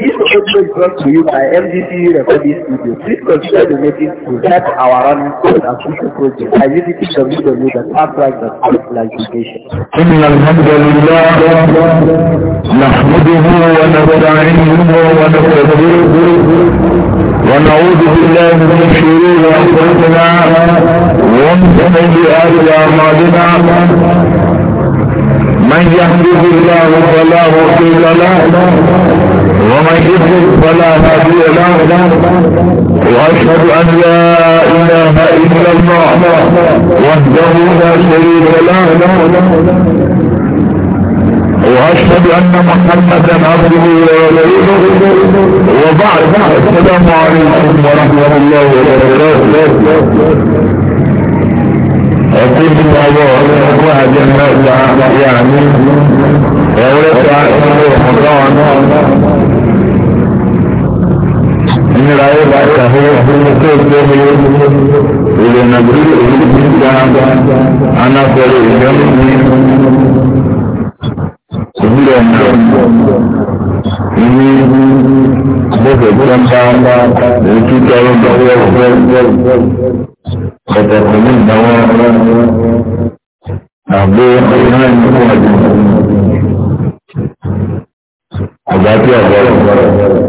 This proposal is brought to you by MDCU Recording Studio. Please consider donating to help our running code and future projects by visiting www.artwright.org/education. إن الحمد لله نحمده ونستعينه ونستغفره ونعوذ بالله من شرور أنفسنا ومن سيئات أعمالنا من يهده الله فلا مضل له ومن يضلل فلا هادي له واشهد ان لا اله الا الله وحده لا شريك له واشهد ان محمدا عبده ورسوله وبعد السلام عليكم ورحمه الله وبركاته اقول الله واحد الموضع يعني ولسع حضان nira yóò bá ta hóyó tó tó hóyó ìlú nàgbé ìlú gbígbà anáfọlẹ ìjọba ní ìbílẹ̀ ọ̀nà ìní bófẹ̀ tó ń bá ètò tọrọ gbọ́wọ́ pàtàkì ní ìdáwọ́ àgbo ọ̀nà ìlú ọ̀dùn àgbàdo àgbàdo.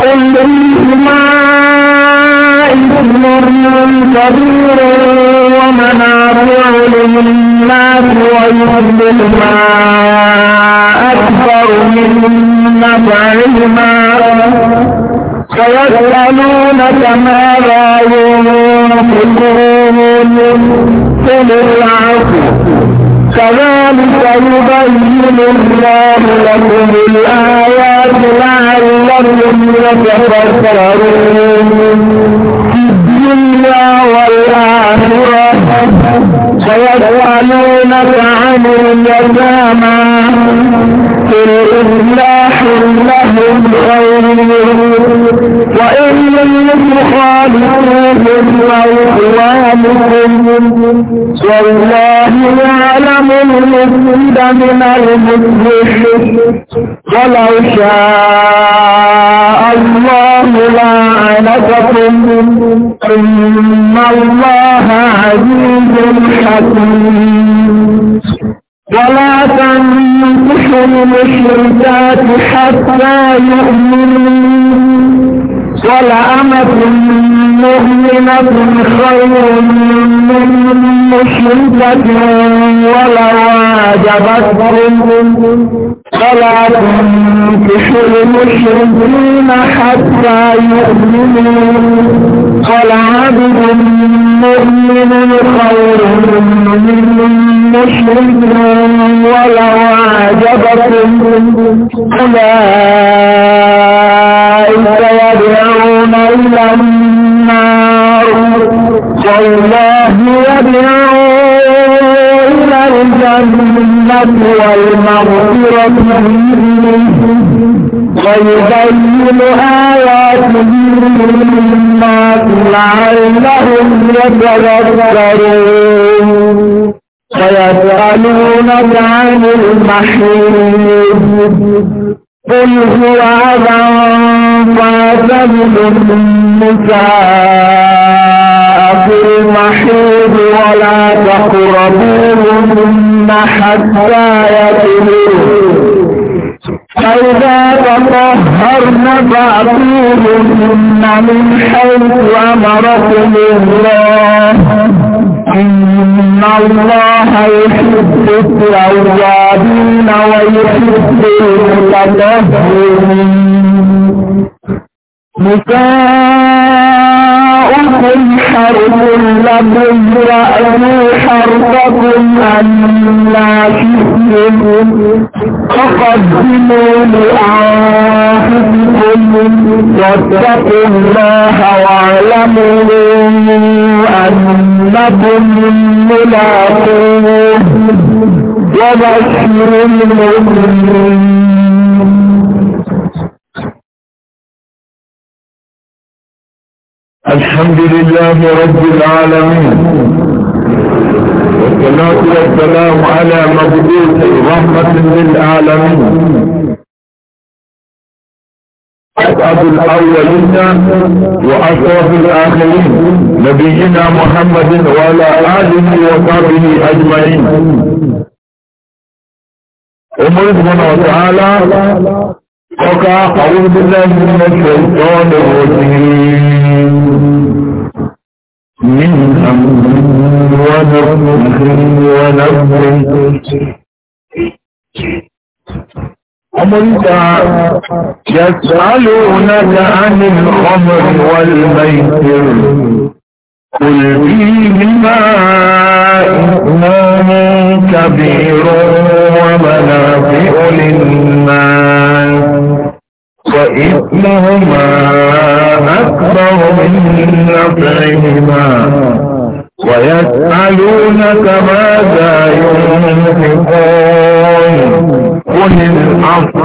كلهما إثم كبير ومنافع للناس وإثمهما أكبر من نفعهما ويسألونك ماذا ينفقون قل العفو كذلك يبين الله لكم الآيات لعلكم يتفكرون في الدنيا والآخرة ويسألونك عن اليتامى من خير وإن تخالفوهم وإخوانكم والله يعلم المفسد من المصلح ولو شاء الله لعنتكم إن الله عزيز حكيم ولا تنكحوا المشركات حتى يؤمنوا ولأمة مؤمنة خير من مشركة ولو أعجبتكم فلا تنكحوا المشركين حتى يؤمنوا ولعبد مؤمن خير من مشرك ولو أعجبكم أولئك يدعون إلى النار والله يدعو إلى الجنة والمغفرة بإذنه ويبين آياته للناس لعلهم يتذكرون ويسألونك عن المحيط قل هو أذى النساء في المحيض ولا تقربوهن حتى يطهرن فإذا تطهرن فأتوهن من حيث أمركم الله إن الله يحب التوابين ويحب المتطهرين مكان من حرب لكم وأنوا حربكم لا تسلكم فقدموا لأنفسكم واتقوا الله واعلموا أنكم ملاقوه وبشر المؤمنين الحمد لله رب العالمين والصلاة والسلام على مبعوث رحمة للعالمين أسعد الأولين وأشرف الآخرين نبينا محمد وعلى آله وصحبه أجمعين أمر سبحانه وتعالى وقع أعوذ بالله من الشيطان الرجيم من أمر ونظر ونفخ أمرك يسألونك عن الخمر والميسر قل فيهما إثم كبير ومنافع للناس وإثمهما أكبر من نفعهما ويسألونك ماذا ينفقون قل الحق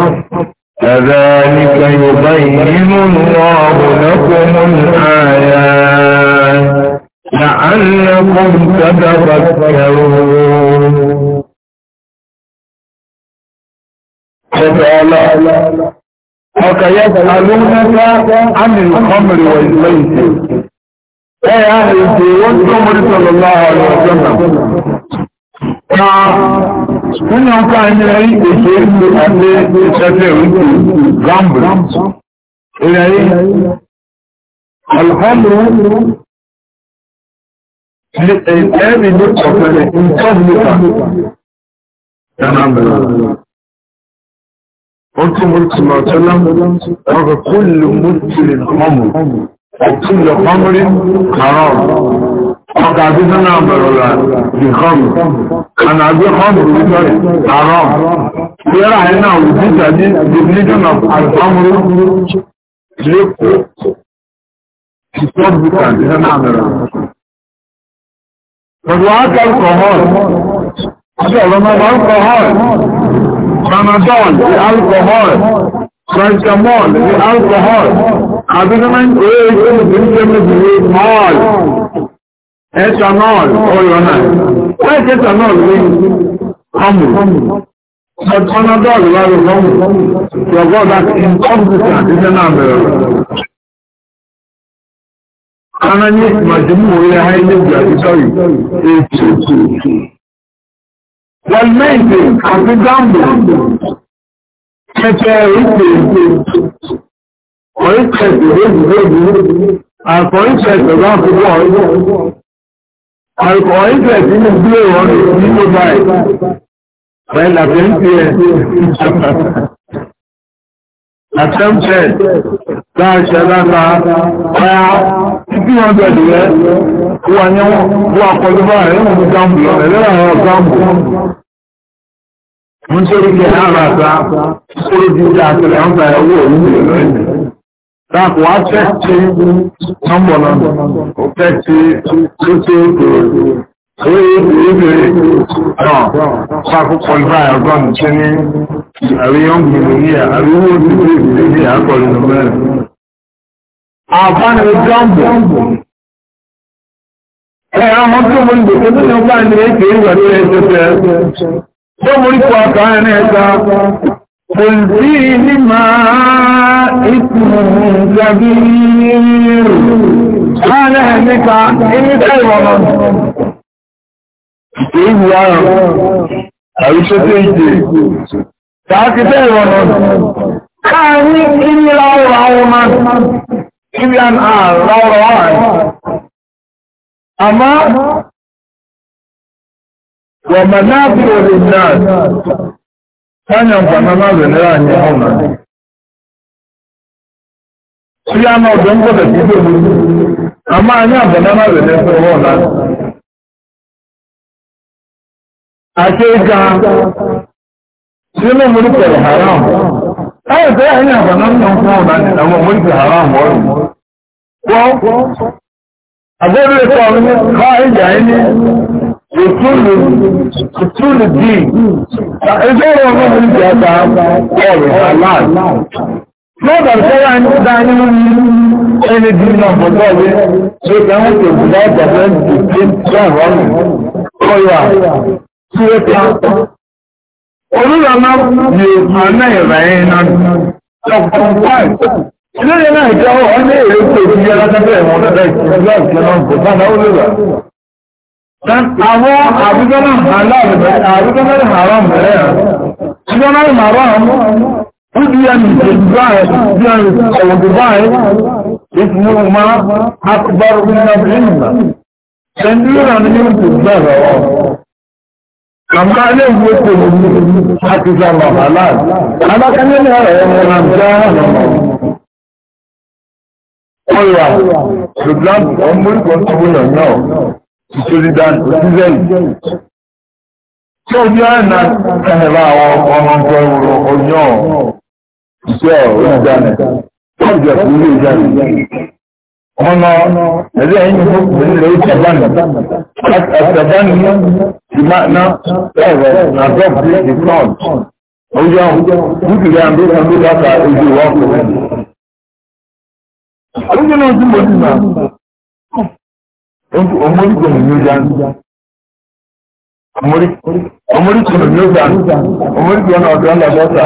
كذلك يبين الله لكم الآيات لعلكم تتفكرون ọkà yẹ alúnẹ́ta ánìlú kọmìrì wà ìlẹ́yìntì ẹ̀yà àìsí wọ́n tí ó mọ́rí sọ̀rọ̀ láàrín ọjọ́ na nínú ọkà ilẹ̀ ìgbèsè ìlú àti ìṣẹ́fẹ́ ìrìnkú gamble ilẹ̀ alhamdu قلت مرت ما وسلم وكل مسلم خمر وكل خمر حرام وقعدتنا برولا بخمر كان عندي خمر بطريق حرام يرى هنا وزيت دي دبليتنا الخمر ليكو تصدق عندنا نعمل فالوعاك الكهار هذا لما الكهار Panadol ní alcohol, Paracetamol ní alcohol, Abinament orí ìgbẹ́mẹ̀sì ní mall, ethanol ọ̀yọ̀nà. Wọ́n ṣe ethanol ní ọmọ. But Panadol wà lọ lọ́mù. Your God that incompetent is an amber. Anani màjúmù orí ayé lè gbà ìtọ́rì 822 wọ́n méjì àti dámbò kẹta ìpè ọ̀ríkẹ̀ẹ̀kẹ̀ lójúlójú àkọ̀ríkẹ̀ẹ̀kẹ̀ bá fúgbọ́ ọ̀ríkẹ̀ẹ̀kẹ̀ ní bí ẹ̀rọ ní mobile pẹ̀lú àfẹ́ ń pẹ́ àtẹ́m̀tẹ́ láàṣẹ láta ọ̀yá títí wọ́n bẹ̀rẹ̀ rẹ̀ wà ní wọ́n pọ̀lú báyìí wọ́n mú gáàmù lọ́rẹ̀ lẹ́rọ gáàmù mú tí ó rí kẹ́ ààrà àtà ó rí bí ìjà àtẹ̀lẹ̀ ń ta owó òun lè lọ́yìn láàpù wá fẹ́ tí nọ́mbọ̀nà ó fẹ́ tí ó tí ó kèrè ó rí ìrírí náà sáàkó pọ̀lú báyìí ọgọ́rùn-ún àríyàn gbogbo ní àríwó ti pé ìdílé ní àkọlù mẹ́rin. àfáàní jọ́ǹbù ẹ̀rọ mọ́ tó mú ìgbò tó tó bá ní èké ìwà ní ẹ̀ṣẹ́ fẹ́ tó mú ipò àkà ẹ̀rẹ́ ẹ̀ta kò sí ní máa ìkùn gàbí láàrẹ̀ nípa ẹni tẹ́ ìwọ̀nà ìwà àríṣẹ́ tó ìdè Tààkì tẹ́ ìrọ̀nà láàrin ilé láwọ́rọ̀ àwọn ọmọ ibi an àláwọ̀rọ̀ ààrẹ. anyị wọ̀mà náà fi òdì náà sáyà ń pàtà máa rẹ̀ níra anyị ọmọ. Sí àmà ọ̀dọ́ ń kọ́dẹ̀ sí ìgbè mú. sínú múlùkù haram láyé tó yà ní àbànà ń tàn fún ọ̀nà àwọn múlùkù haram wọ́n wọ́n àgbẹ̀rẹ̀ lẹ́kọ̀ọ́ ní ká ìjà ẹni ìtúlù ìtúlù dì ẹgbẹ́ ọ̀rọ̀ ọmọ múlùkù àgbà ọ̀rọ̀ halal lọ́dọ̀ sọ́yà ń dá nínú ẹni dì náà bọ̀dọ̀ wí ṣe kí wọ́n ti gbọ́dọ̀ bẹ̀rẹ̀ ìdí tí wọ́n rọ́ọ̀nù kọ́yà tí ó ta Olúrọ̀mọ́ ni ọ̀nà ìrẹ̀yìn náà lọ́pọ̀lọpọ̀ báyìí. Ilé náà ìjọwọ́ ọdún èrè tó ti yẹ látẹ́bẹ̀ ìwọ̀n lọ́dẹ̀ ìjọba ìjọba kò bá náà olúrọ̀. Àwọn àbúgbọ́nà àbúgbọ́nà haram rẹ̀ àbúgbọ́nà haram ó di ẹni ìjọba ìjọba ìfúnmọ́ máa Àmọ́ ilé ìwé kò ní àti ìjọba àláàdì. Alákẹ́lẹ́ ní ọ̀rọ̀ ẹ̀rọ ìrìnàjò ọ̀nà. Ọ̀yà, ṣùgbọ́n ọmọ ìkọ̀ tó wúlọ̀ náà, ìṣòrí dáadé, òṣìṣẹ́ yìí. Tí ó yá ẹ̀nà ẹ̀rọ àwọn ọmọ ọmọ ọ̀yàn, ìṣẹ́ òṣìṣẹ́ ọ̀nà ẹ̀rẹ́ ẹ̀yìn fún ilẹ̀ na ìṣẹ̀dánù ti máa ná ẹ̀rọ nàdọ́m bí i kàn ọjọ́ dúkìlì àndó kan ló dáta ojú ìwà ọkùnrin. Oúnjẹ náà tí mo ti nà ọmọdé ní ó dá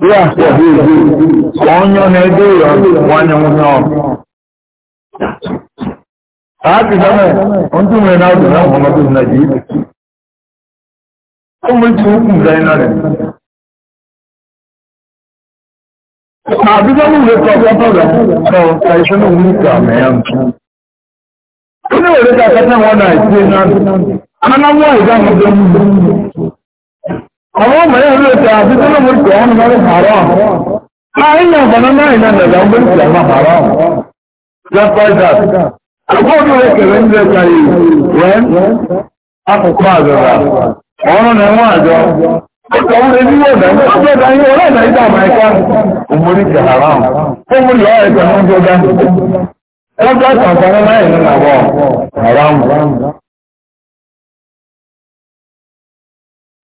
ya onye na-ede ụlọ nwanne nwunye ọgụ akịsana ndị nwere na na na ji ụmụ ukwu mgbe narị na abịa ka ọkpọtọ ga ka ọka isi na ụmụ ya ntụ onye ka nwa na na àwọn ọmọ yẹn ló tẹ àti tó ló mú ìtẹ̀ wọn lórí àárọ̀ àìyàn ọ̀bọ̀nà náà iná nàìjà ń bẹ̀rẹ̀ ìtẹ̀ wọn àárọ̀ lẹ́pẹ́dà àkọ́ọ̀dù rẹ̀ kẹ̀rẹ́ ń lẹ́ka yìí wẹ́n akọ̀kọ́ àgbẹ̀rà ọ̀rọ̀ nà ẹ̀wọ̀n àjọ ọ̀tọ̀ wọn ebi wọ̀ dà ọ̀tọ̀ dà yìí ọ̀rọ̀ nà ìjà àmàìká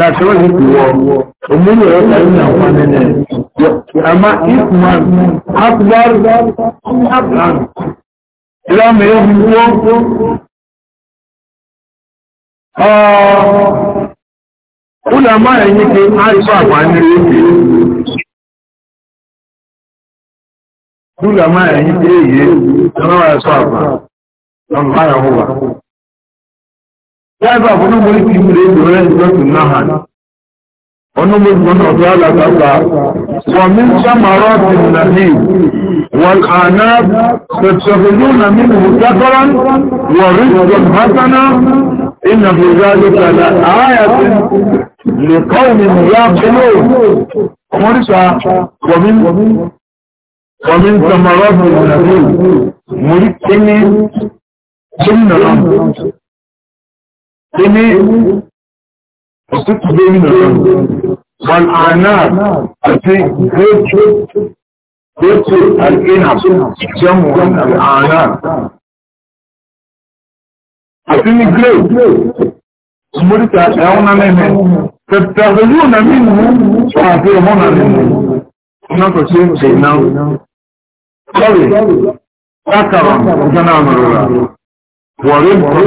That's what it was. Omume aina wanene. Ama ikman akbar akbar. Ila me yuhuwa. Ah. Kula ma yin ke arifa wa ni yake. Kula ma yin ke yeye. Tawa ya safa. Dan haya huwa. Láìpá fún ọmọ orí ti múlé ìgbòrẹ́ ìjọsìn náà hàn. Ọ̀nà gbogbo náà tó alàgbàgbà. Wọ́n mi ń ṣàmàrọ̀ ti nà ní wọ́n àná pẹ̀tẹ̀fẹ̀lú nà mí mú dákọ́rán wọ̀n rí ìjọm hásánà ìnà fìdá lókàlà àáyàtì lè kọ́ mi mú yá pẹ̀lú. Ọmọ oríṣà Kíní òsìkú gómìnà wọn àná àti gbèjò gbèjò àgbéhà jẹun wọn àná. Àti ní gbèjò mórítà ẹ̀wọ̀n náà mẹ́mẹ́. Tẹ̀tẹ̀rẹ̀ yóò náà mímú àti ọmọ náà mímú. Iná kò ṣe é ṣe náà. Sọ́rí, sákàrọ̀ ìjọ náà mọ̀rọ̀ rà. Wọ̀rí mọ̀rọ̀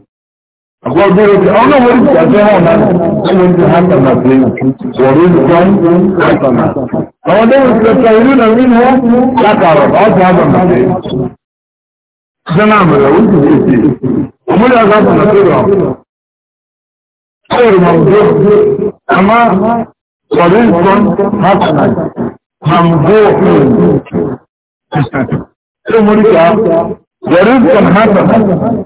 Àgbọ̀ bẹ̀rẹ̀ pé àwọn náà wọ́n ti àjẹ́ hàn náà lọ́wọ́ ní Hàtàmà pé wọ̀rí ìjọ́n Hàtàmà. Àwọn ọdẹ́ wọn ti lọ sọ ìlú náà nínú wọn látàrọ̀ ọ̀tọ̀ Hàtàmà pé. Sọ́nà àmàlà ó sì ní èsì. Òmúlẹ̀ ọ̀gá Hàtàmà pé rọ̀. Ṣọ́ọ̀rọ̀ Màmúdó àmá wọ̀rí ìjọ́n Hàtàmà. Màmúdó ọ̀hún. Ṣé mo rí ká? Wọ̀rí ìjọ́n Hàtàmà.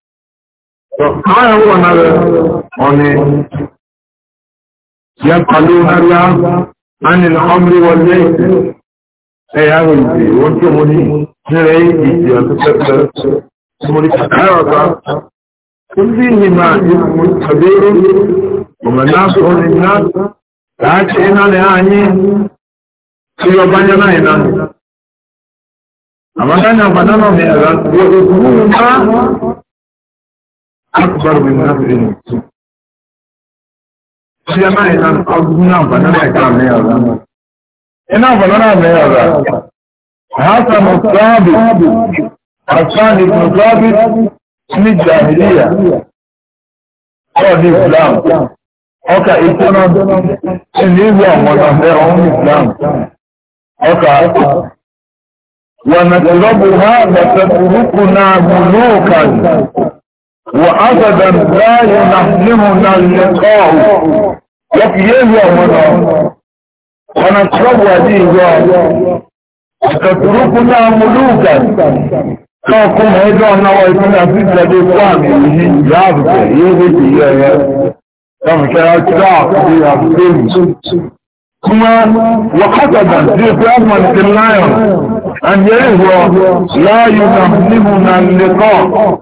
Àwọn ẹ̀wọ̀n náà rẹ̀ ya yẹ pàlú àríá, a nílò ọmọrí wọlé ìgbè wọ́n tí mo ní nílẹ̀ ìgbè ọ̀tọ́tọ́tọ́ tí mo kàkàrà ní ní náà sọ ní náà, láti iná tí bá náà iná. náà ní ẹ̀rọ akbar min nafsin ṣe máa ìlànà ọdún náà ẹ̀ka mẹ́yà ọ̀rọ̀ iná bà náà mẹ́yà ọ̀rọ̀ àhásà mọ̀sáàbì àṣáàdì mọ̀sáàbì ní jàmìlíyà ọ̀dí islam ọkà ìtọ́nà ìlú ìwé ọ̀mọ̀nà ẹ̀rọ̀n islam ọkà wọ̀nà ha bàtà kùrùkù náà وأبدا لا ينحلمنا اللقاء وكيل يومنا ونشرب هذه وتتركنا ملوكا فاكم هيدونا ويكون في الإسلام يجي جابك يجي يا كم كانت في أبسين كما وحسبا في قيامة اللايون أن يهوى لا ينحلمنا اللقاء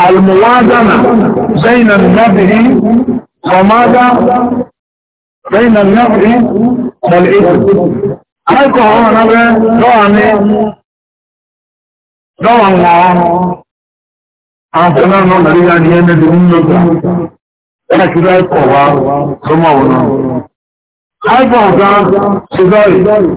الموازنة بين النبر وماذا بين النبر والإثم أيكو هو نبر دواني دوان الله أعطنا نبري أن يمد منك لكن أيكو هو ثم هو نبر أيكو هو سيدوي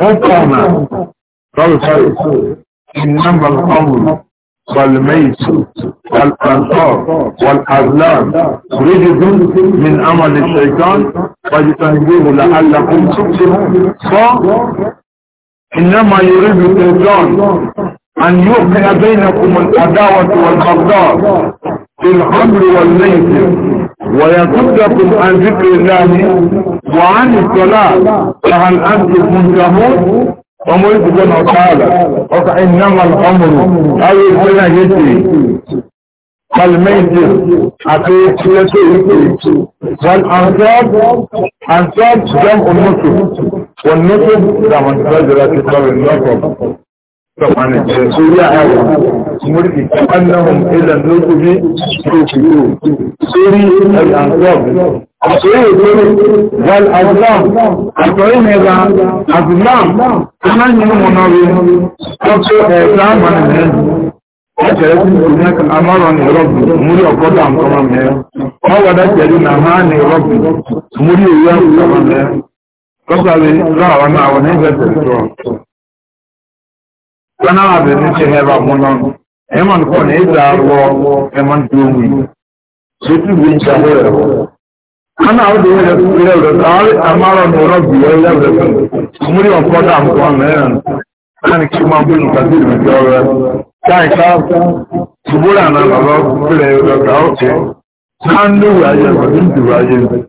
حكما تلحق إنما القول والميت والأنصار والأغلام رجل من أمل الشيطان فاجتنبوه لعلكم تفلحون إنما يريد الشيطان أن يوقع بينكم العداوة والبغضاء في الحمر والميسر ويصدكم عن ذكر الله وعن الصلاة فهل أنتم منتهون ومريد سبحانه وتعالى وفإنما الأمر أو السنة يجري فالميت حقيقة يجري والأنصاب أنصاب جمع النصب والنصب جمع النصب فقال سوريا هذا مرد كأنهم إلى النقب يوفيون سوري الأنصاب سوري يقول والأظلام أطعين إذا أظلام كمان يوم نبي أطعين إذا من الهند أجلت هناك الأمر عن ربي مري أقضى عن طرامها هو ده جلين أمان ربي مري إياه طرامها قصة ذا وما ونهزة الدرام kana abe ni se heba munon eman ko ne darwo eman dumi situ bin sahero kana abe de re re re dal amaro no ro bi re re re muri on koda am ko ne kan ki ma bin ka dir mi do re kai ka e subura na baba kule ro ka o ke sandu wa je ko din du wa je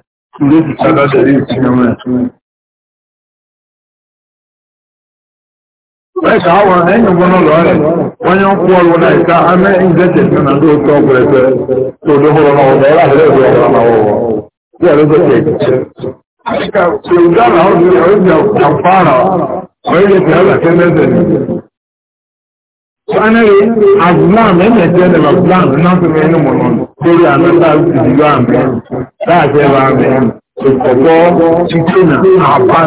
ilé ìfìta lọ́dẹ̀rí ìpínlẹ̀ ọmọ ìtúnrẹ̀. Mẹ́ta àwọn lórí anábàáṣì ìlú àmì láàjẹ́ wa àmì ìkọ̀kọ́ ti dènà àpá.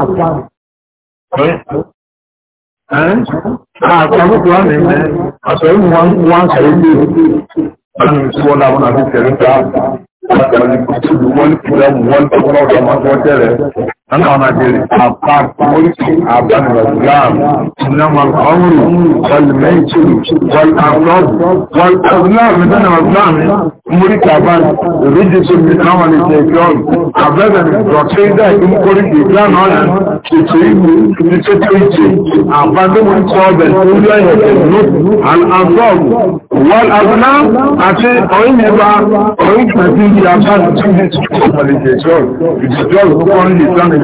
Àpapọ̀ àmì ẹ̀ àṣọ ìmú wọn sọ ilé ìlú tí wọ́n láwọn àti tẹ̀lé ta àtàlẹ́ ìkọ̀tù wọn أنا عمدير أبقى عبد الرجلام إنما الأمر والميت والأفراد والأغلام مثلا أغلام مريك أبان رجس من عمل الشيطان أبدا رقيدة يمكن الإسلام هنا تتعيب تتعيب أبدا من صعب الأولى يتنب الأفراد والأغلام أتي أين يبقى أين تتعيب أبان رجس من عمل الشيطان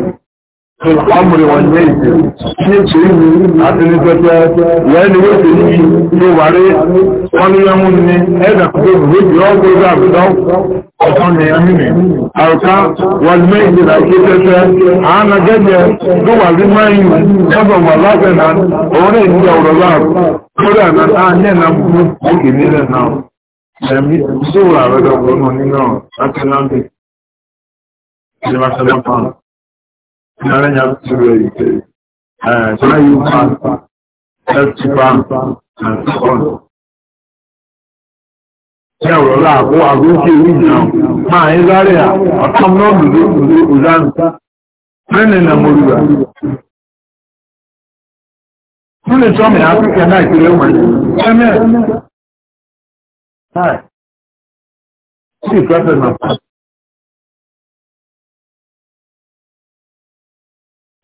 Àmùrì wọn ní èdè ní èdè ìlú àti ní pẹ́pẹ́ ìyá ilé wéṣe ní ilé wàrí wọ́n ní yẹ́mú ní ẹ̀dà tó méjì ọgbọ́gbọ́ àbúdá ọ̀tọ́ ní ẹ̀mìnì. Àrùká wà ní méjì láti pẹ́pẹ́ àánà gẹ́gẹ́ tó wà ní mẹ́yìn sábà wà lábẹ́ náà òun ní ìdí ọ̀rọ̀ láàrù. Kódà náà ní ẹ̀nà mú òkè nílẹ̀ náà. Ẹ̀mí sóòrò àrẹ́dọ̀gbọ́n nínú àtẹ́láńdì. Ìjọba sẹ́lẹ̀ Ìyàrá ya tó rẹ̀ ìpè ṣáyé pàǹpà, ẹ̀tì pàǹpà, àti ọ̀nà. Ṣé ọ̀rọ̀ láàbọ̀ àgbókè orí ìjìnà máa ń sáré à ọ̀tọ́m náà lòdó lòdó òdánù. Mẹ́rin nà mo rí wa. Mo lè tọ́ mi Áfíríkà náà ìpínlẹ̀ wọ̀nyí. Ẹ̀mẹ́. Ṣé ìfẹ́ fẹ́ máa pàṣẹ?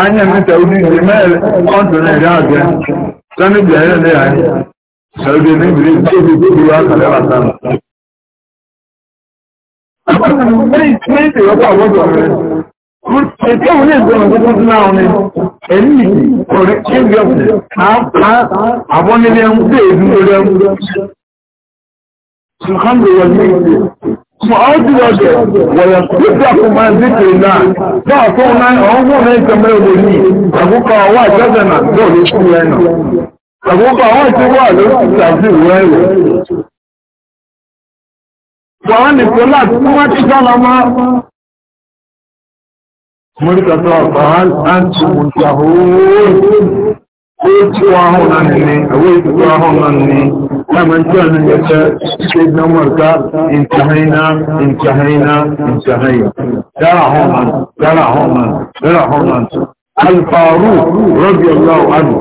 anya mita ụdị ndị mere ọdụ na-ere abịa sani bịara ndị anyị saudi n'ebiri ntọbi gburu òun ní ìgbọ́nà náà ni, سبحان الله فأعطي وجه ويصدقكم عن ذكر الله فأعطونا عمونا يكمل ولي أبوك أواء جزنا دول يشكونا أبوك أواء جواء لو تعزيز وينه وأن الصلاة ما تسلم ملكة الله أنتم منتهون Owó ahọ́n náà nìní, owó ìtìkọ́ ahọ́n náà nìní, láàmà tí a nìyẹ tẹ́ ṣe na mọ̀rọ̀ká ìntàhàínà, ìntàhàínà, ìntàhàínà. Dára ahọ́n náà, dára ahọ́n náà, dára ahọ́n náà. Alfààrù rọ́bì ọláwọ̀ adù.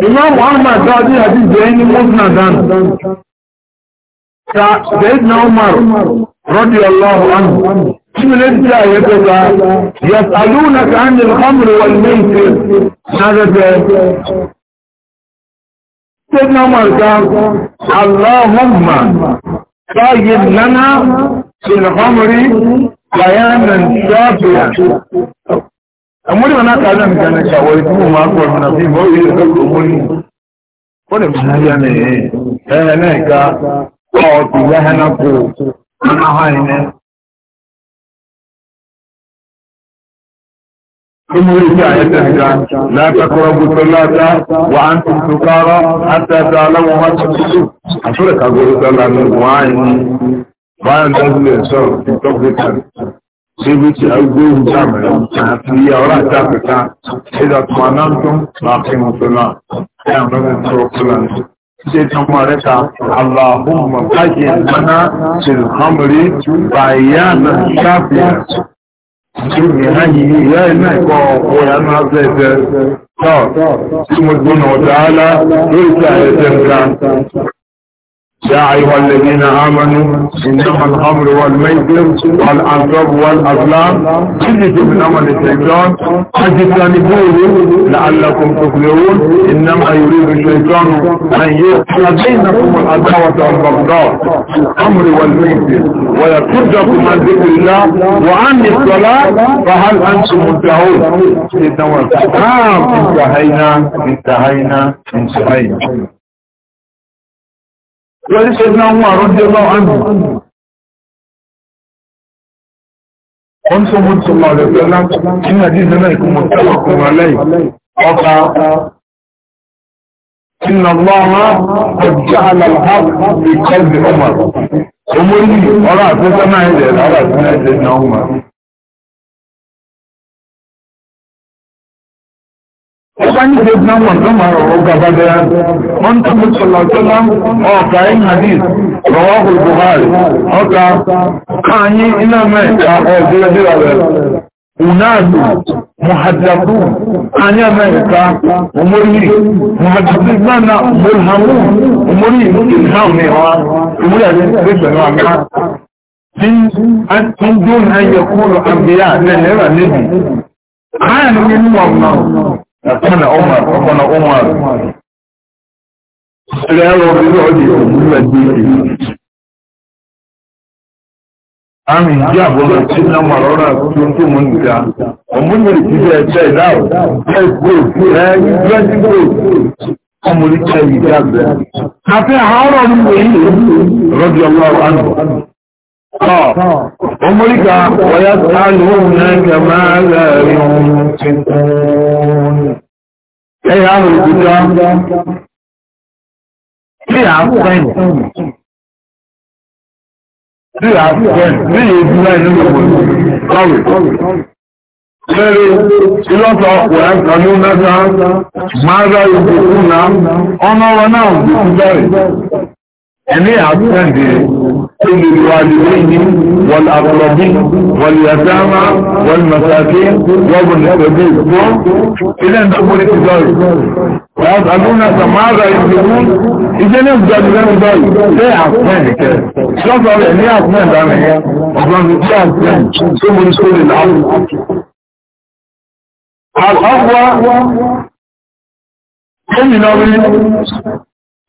jẹ́ ní Mọ́sùnà dánù. Ṣà Zaid na Umar rọ́bì ọláwọ̀ adù. من انت يتبع يسألونك عن الخمر والميسر هذا سيدنا عمر قال اللهم قايد لنا في الخمر بيانا شافيا أمولي وانا قال لهم كان شاورتمو ما أكبر من أخيم هو قولي من wọ́n lè máa yá ní ẹ̀ẹ́ náà ká ọ̀pìlẹ́hẹ́nàkó ọ̀nà àìyàn ثم رجع يتهجان لا تقربوا الصلاة وأنتم سكارى حتى تعلموا ما تقولون أشرك أقول صلاة وعيني bayan dájúlẹ̀ sọ̀rọ̀ tí tọ́pẹ̀tà síbi tí agbóhùn sàmẹ̀ àti iye ọ̀rá ìtàpẹ̀tà ìdá tó máa náà tó máa fi hàn tó náà tí àwọn ọmọ Ṣé Ìjúmi hanyí ìyá iná يا أيها الذين آمنوا إنما الخمر والميسر والأنصاب والأزلام كل من عمل الشيطان فاجتنبوه لعلكم تفلحون إنما يريد الشيطان أن يوقع بينكم العداوة والبغضاء في الخمر والميسر ويصدكم عن ذكر الله وعن الصلاة فهل أنتم منتهون؟ انتهينا انتهينا انتهينا, انتهينا. wọ́n ṣe ní àwọn àrùn jẹ́ náà àmì wọ́n tó mú tó máa rẹ̀fẹ́ láti ní àdínà náà ìkùnmọ̀ tẹ́lọ̀ kùnmọ̀ aláì ọkà iná lọ́wọ́ ọjọ́ alàlá ìkọ́lù ọmọ ọmọ yìí ọ̀rọ̀ àfẹ́sẹ́ náà ẹ̀rẹ̀ kwani da na magana o gaba da mun ta mutu sallallahu o kai hadith rawahu al-bukhari o ka kani ina mai ka o dira dira unadu muhaddabu anya mẹ́ta omori muhaddabu omori ilham ni wa omori ale ti pẹ̀lú àmà tí ń dún ayẹkúrò àbíyá lẹ́lẹ́rà níbi káyà ní nínú ọ̀nà ọ̀pọ̀nà Umar ọ̀pọ̀nà Umar ilẹ̀ ẹ̀rọ orílẹ̀ na òmúlẹ̀ dìde àmì ìjẹ́ àbúrò tí a mọ̀ lọ́rọ̀ tó ń tó mú nìta òmúlẹ̀ ìdílé ẹ̀tẹ́ ìdáwó ẹ̀ gbòòrò ẹ̀ gbẹ́sí gbòòrò ọmọlẹ̀ أمرك ويسألونك ماذا ينفقون أي أهل الكتاب في عفن في عفن في إبنان قوي Lẹ́rí ìlọ́tọ̀ ọ̀pọ̀ ẹ̀kọ́ mẹ́ta, máa rẹ̀ ìgbòkúnná, ọ̀nà ọ̀rọ̀ náà ìgbòkú bẹ̀rẹ̀. ẹni àtúndì olùwàlúwìní wọn àkọlọ́bí wọn yàtàmà wọn màsàkì wọn nìkọ̀dé fún ilé ìdókòrò ti dọ́rì wọ́n àdúnà sàmáàrà ìdìbò ìjẹ́ ní ìjọba lẹ́nu dọ́rì ṣé àtúndì kẹ ṣọ́sọ̀ rẹ̀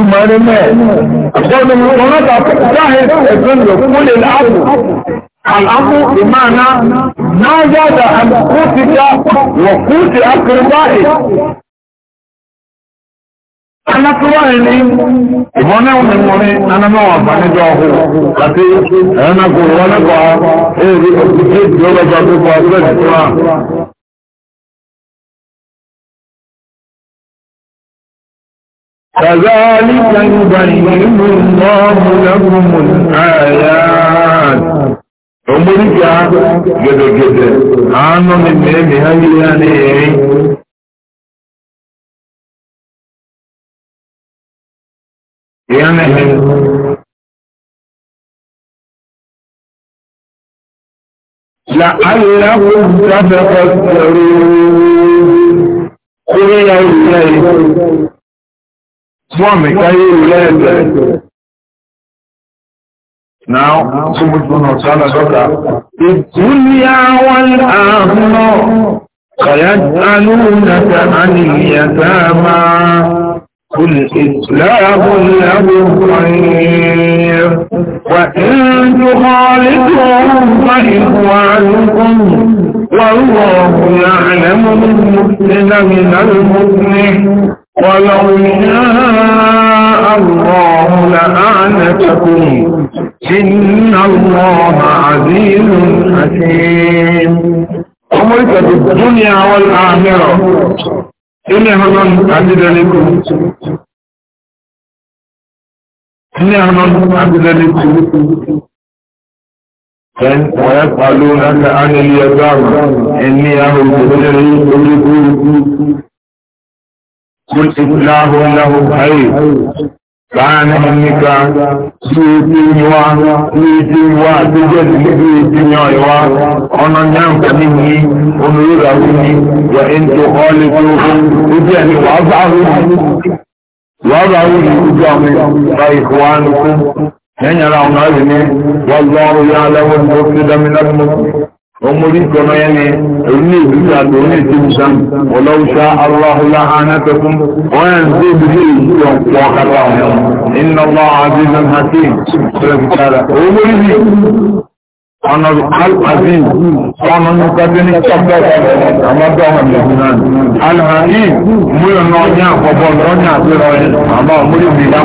ìmọ̀rin mẹ́ẹ̀. Ọ̀dọ̀ mọ́nàtà láàrin ẹ̀sùn lò fún lè láàbù. Àlámú ìmáàná náà yáda àkókò ti dá wọ̀kú ti akérébáyé. Anatuwaye ni ìbọn ẹ̀wọ̀n ni mo ní anamọ́wọ̀ àbánijọ́ ọ̀hún àti ẹ̀rọ náà kò wọlé kọ́ كذلك يبين الله لهم الآيات عمرك قد قد عام من مهم هيلاني يعني لعلهم تتفكرون قل يا Bọ́ọ̀mù káyé lẹ́ẹ̀dẹ̀. Now, tí mo tún ọ̀tọ́ aládọ́ka. Ìtúlẹ̀ àwọn ààrùn náà, kàyà alúnàta àníyàtà máa kùn ìsìláàbùn lábùn ọ̀yẹ́. Wà ìrìnjú ọ̀rí tó ń fa ìwà àlúkùn wà rúwọ̀ ọ̀pùn ولو شاء الله لأعنتكم إن الله عزيز حكيم أمرك بالدنيا والآخرة إن هنن عبد لكم إن هنن عبد لكم ويسألونك عن اليتامى إني أهل بجري قل الله له خير báyánà níka tí ó tí ń wá ní tí ń wá tí jẹ́ ìlú tí yàn ìwá ọ̀nà nyàǹkà ní ní onírúurà wí ní wà ń tó ọ́lẹ̀ tó ó jẹ́ ní wàá bá wí ní wàá bá wí ní ojú àmì bá ìfọwọ́ ní kú yẹn yàrá ọ̀nà rẹ̀ ní wàá lọ́rùn yàrá lẹ́wọ̀n tó fi dámínà mọ́. ومولي كنا يعني إني بلا دوني تمسان ولو شاء الله لعنتكم وينزل به وقرام إن الله عزيز حكيم سورة تعالى ومولي أنا القلب عزيز وأنا نقدني كبير أما دوهم يهنان الحقيق مولي نعنى وبرنى سرعين أما مولي بلا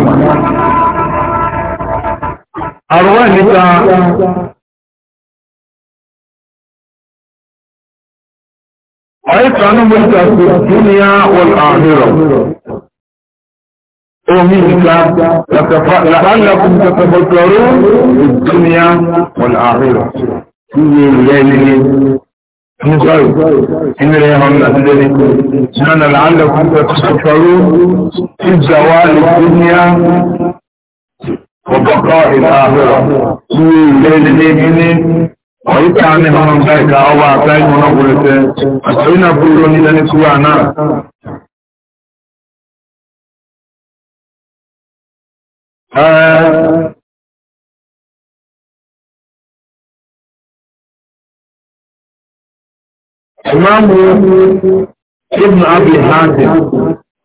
أرواني ọ̀rẹ́ta ní mo ta sí dúníà wọ́n àhírọ̀ omi nìka làálàkùn tàbátọ̀rọ̀ dúníà wọ́n àhírọ̀ ní ilẹ̀ ilé ní sọ́rọ̀ ìmìrẹ̀ ẹ̀hàn àti lẹ́lẹ́ náà làálàkùn tàbátọ̀rọ̀ ìjàwá lè dúníà wọ́n bọ̀kọ́ ìlà àhírọ̀ ilẹ̀ ọ̀yíká ní ọmọ ọ̀gá ìka ọwọ́ àtà ìwọ̀n ọkùnrin tẹ́ àtàrí náà kúrò ní ẹni kúrò náà ẹ̀ẹ́ ìmáàmù ibn abi hatim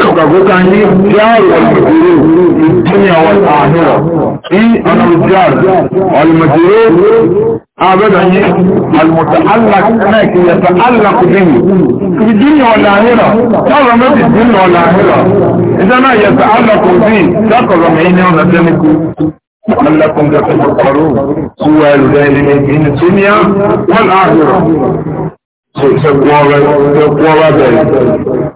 وكذلك الجار والمجرور في الدنيا والآخرة في أنا الجار والمجرور أبدا المتعلق هناك يتعلق به في الدنيا والآخرة ترى ما في الدنيا والآخرة إذا ما يتعلق به تقرأ معيني ونسلمك لعلكم تتفكرون هو الوالدين في الدنيا والآخرة تقوى بذلك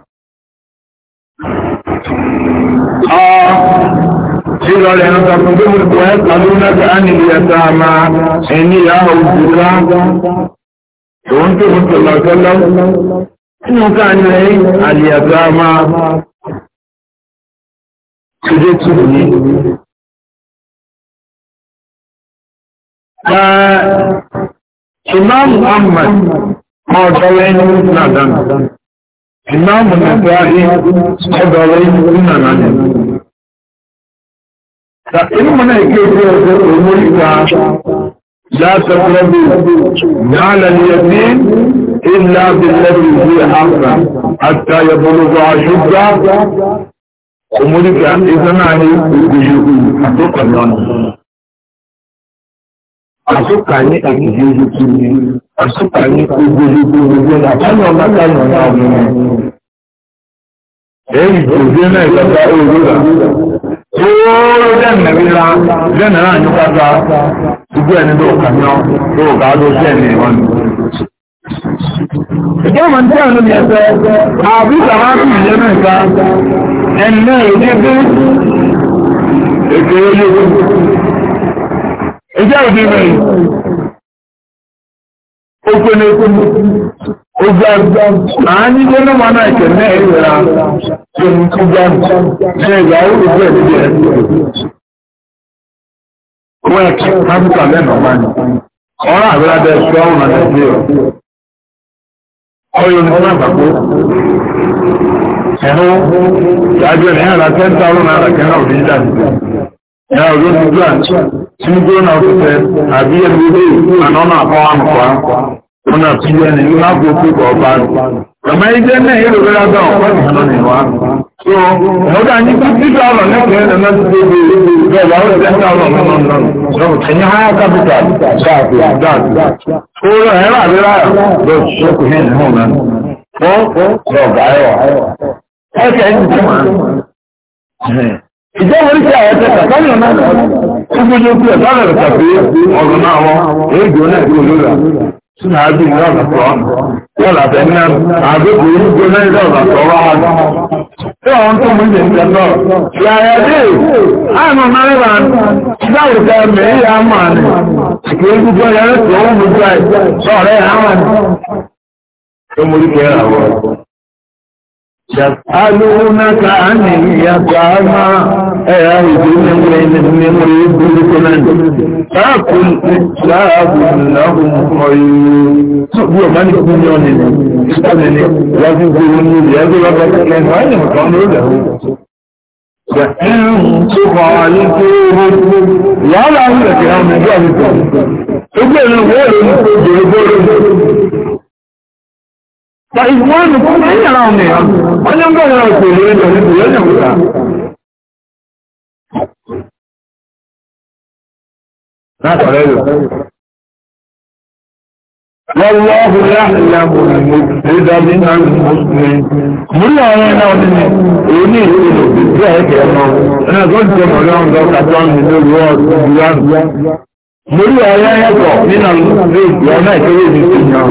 Ṣílọ rẹ̀ ń sọ fún gbogbo ẹ̀kọ́ ẹ̀kọ́ lónàbí á nílé ẹ̀ta máa ẹni ìyá òjìlá tòun tó ń tò lọ́tọ́lọ́. Nínú ká ní ẹ̀yìn àlìyàtọ̀ a máa ṣojú tù ní. Ṣùgbọ́n Muhammad, mọ́ ọ̀tọ́lẹ́yìn إمام النسائي صحب عليه الإمام عنه فإن من أكيد الملكة لا تقربوا مال اليتيم إلا بالذي هي حقا حتى يبلغ أشده وملك إذا ما هي بجهود حقوق الله àtúkà ní àgbègbè kiri àtúkà ní gbogbo gbogbo àtàlù ọba kanu ọ̀nà ọ̀nà èyí gbòdì náà ìjọba òru rà tóóró dẹ́nà ríra dẹ́nà náà ní pátá ṣùgbọ́n ẹni tó kà náà tó kà á ló sí ẹni ìwọ́n. Ìjọba ń tẹ́wọ̀n níbi ẹsẹ̀, àbí sàmá sí ìyẹn náà ká, ẹni náà èdè bí èkèrè lé ẹjẹ́ òdí mẹ́rin ojú ẹni ojú ní ojú àgbà àá ní jẹ́ náà máa ẹ̀kẹ́ náà ìrìnà jẹun tó gbá ní ẹ̀yà orí bẹ́ẹ̀ ní jẹ́ owó ẹ̀kẹ́ kápítà lẹ́nà máa ní ọ̀rọ̀ àbíládẹ́ ẹ̀ṣọ́ ọ̀hún náà nàìjíríà ọ̀yọ́ ní wọ́n àgbàgbó ẹ̀hún ìdájọ́ ní ẹ̀rà 10,000 naira kẹ́ńtà òdíjà nìyẹn ya ọ̀rọ̀ gbogbo à tí ń gbóná fífẹ́ àbí ẹgbẹ́ ilé ànọ́nà àfọwọ́nùkwá wọn àti ẹni láàbò púpọ̀ ọba ọmọ ilé náà yóò rẹ̀ lábẹ́ ọ̀pọ̀ ìhànà nìwá so ọ̀dà ní pípẹ́ ọ̀rọ̀ lẹ́kọ̀ọ́ ẹ̀rọ náà ti gbogbo ìgbẹ́ ọ̀rọ̀ lẹ́kọ̀ọ́ ọ̀rọ̀ náà náà so ẹ̀yìn háyà kápítà ṣáàpì àdáàbì ó rẹ̀ ẹ̀rọ àbẹ́rẹ́ àbẹ́ ṣọ́kù hẹ́ẹ̀ náà náà fọ́ ọ̀gá ẹ̀wà ẹ̀kẹ́ ẹ̀ ìjọ wọlé sí àwọn ẹsẹ kàtàkì ọ̀nà ìgbójú ojú ẹ̀ sáré rẹ̀ tàbí ọ̀rọ̀ wọn làbẹ̀ ní àgbẹ̀kọ̀ yìí jù náà ìlú àgbàtọ̀ wọn يسألونك عن اليتامى أيديهم من يدركنا فقل إسلام لهم خير bí ọ̀gá ní kí ní ọ̀nà ìlú ìsọ́nà ni láti fi wọn ní ilẹ̀ ẹgbẹ́ lọ́gbà kẹ́kẹ́ ní wáyé nìkan ló lẹ̀ ó. Ìyàhún tó kọ̀ ní kí ó rú wàhálà ń lẹ̀kẹ̀ àwọn ẹgbẹ́ àlejò. Ó gbé ìlú wọ́ọ̀rọ̀ ní ya ìwọ́nù fún ma ń yàrá ọmọ èèyàn, wọ́n ní ń gbọ́nà ọ̀pọ̀ ìlú ẹ̀jọ̀ ní ìlú ẹ̀jọ̀ mọ́ta. Látọ̀rẹ́ lò. Lọ́lọ́hù láàrínláàbò ìdọ́bí náà ní Mùsùlùmí. Múrí ọ̀rẹ́ náà ní òní ìlú tí ẹ̀kẹ́ ọmọ. Ẹnà tó ń jẹ mọ̀lẹ́ ọ̀dọ́ kàtọ́ ní lórí ọ̀dọ́ ìlú Múrí ọ̀rẹ́ ẹ̀kọ́ nínú ìlú ọ̀nà ìkéré ìlú ìyàn.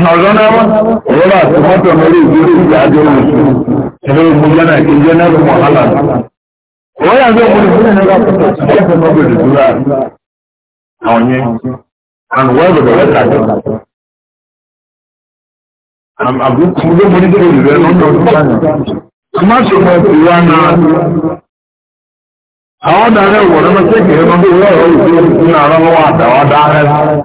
ọ̀rọ̀ náà ọ̀rọ̀ àti mọ́tò mẹ́rin ìgbèrè ìgbà àjọ oṣù ẹ̀rọ ìmúgbẹ́nà ìjẹ́ náà mọ̀hálà ọ̀rọ̀ àjọ àwọn yẹn and well with the rest of them àbúkúndé mo ní kéde ìrẹ́ lọ́dọ̀ tó má ṣe mọ ìwà náà àwọn dáhẹ́ wọ̀n náà ṣé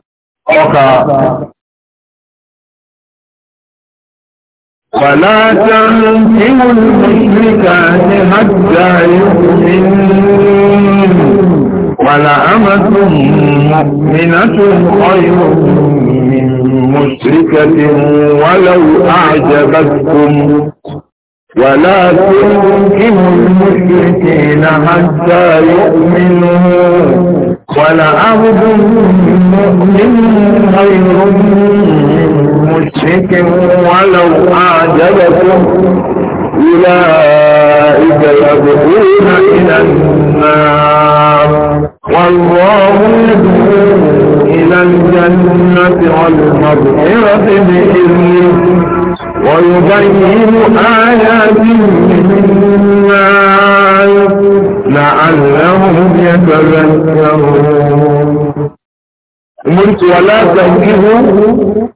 ọkà Fàlá tàbí ìwọ̀n Mùsùlùmíkà ní Hajjá Yókùnrin wàlá àmàtún mìnàtún ọ̀yọ̀ mùsùlùmí wàláwù àjẹ́bàtún wàlá tàbí ìwọ̀n Mùsùlùmíkà ní Hajjá Yókùnrin ولعبد مؤمن من مشرك ولو أعجبكم أولئك يدعون إلى النار والله يدعو إلى الجنة والمغفرة بإذنه ويبين اياته مما يقول لعلهم يتذكرون قلت ولا تنكهوا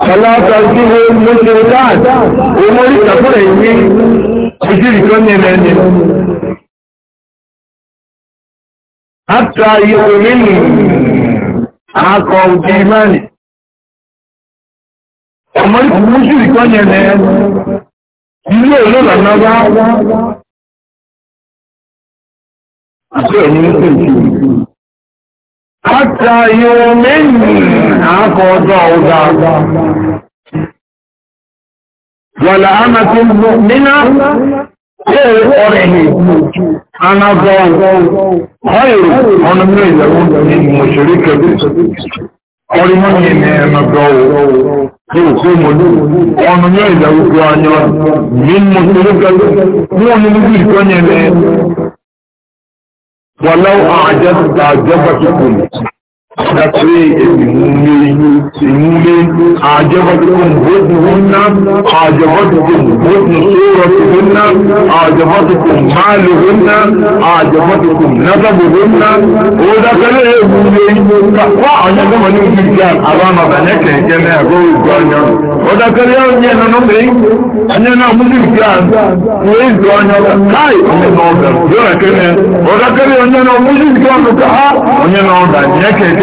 فلا تنكهوا المشركات ومولي تقول ايه بجيري كوني لاني حتى يؤمنوا عقوا جيماني ومولي تقول مشركوني لاني ilé ìlú lọ́nà wá àti ẹ̀yìn ìpèjì àtà yóò mẹ́yìn àkọ́dọ̀ ọ̀dà wàlà ámàtí nínà ẹ̀rẹ̀ ọ̀rẹ̀ ní anagọ́ ọ̀rẹ̀ ọ̀nà mẹ́rin ìlẹ̀wọ̀n ní mọ̀ṣẹ̀rí kẹ́bí ọrí mọ́ ní ẹ̀mẹ́ ẹ̀mọ̀gbọ́ ní òkú mọ̀lú ọ̀nà ní ìdàgbùgbò anya ní mọ̀ tó lókàlù ní òní ní bí ìtọ́ ní ẹ̀mẹ́ wàláwọ̀ àjẹ́bàtìkùn Ìgbàtàrí ìmúlé àjẹ́bọ́tìkùn bóòdù húnná, àjẹ́bọ́tìkùn bóòdù sóòrọ̀tì húnná, àjẹ́bọ́tìkùn máàlù húnná, àjẹ́bọ́tìkùn nátàbù húnná. Ó dákẹ́lẹ́ ìmúlé wá àjẹ́bọ́mọ̀ ní ìgbìyà àbámàbà lẹ́kẹ̀ẹ́kẹ́ mẹ́ àgọ́ ìgbọ́nyọ́. Ó dákẹ́lẹ́ ọ̀nyẹ́ nọ́nọ́ pé ẹ̀yẹ́ náà mú sí ìgbìyà wé ìgbọ́nyọ́ káì ọmọ ọ̀bẹ̀rún. Ó dákẹ́lẹ́ ọ̀nyẹ́ náà mú sí ìgbìyà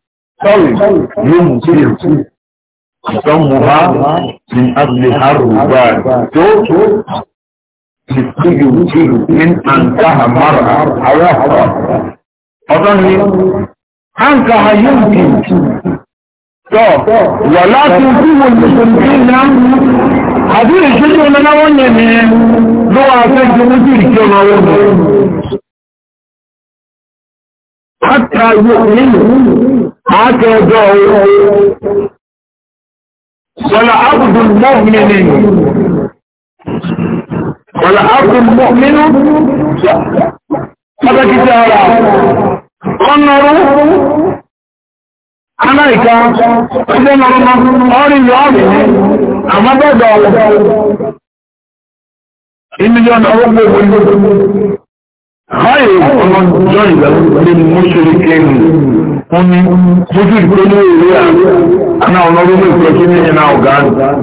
sọ́rì yóò mú sí èrò ìtọ́ mu ha ní abúlé harùbá tó ìtúyò tìlù ní àǹkáhà mara àwọn ọ̀pọ̀ ọ̀tọ́ ni àǹkáhà yóò kì í tọ́ wà láti kúwò lùsùlùmí náà àbí ìṣẹ́jú ọ̀nà náà wọ́n yẹn ni ló wà fẹ́ jẹ́ mú sí ìjọba wọn Hátà yóò nínú àákẹ́ẹjọ́ ohun. Wọ́la ábùdùn mọ́mìnì nínú. Wọ́la ábùdùn mọ́mìnú. Pàtàkì tí ara ọ̀nàrú Aláìka, ọjọ́ mọ́mọ́, ọrin yọ ọ̀rìn ní àmọ́bẹ̀dọ̀ ọ̀wọ̀. Ìmìlíọ̀nà ọgbogbo báyìí ọlọ́jọ́ ìgbàlódé ni mo ṣe lè kẹ́rin wọn ni mo fi ìpolówó rẹ̀ ana ọlọ́run ló pè kí ní ìyẹn náà ọ̀gá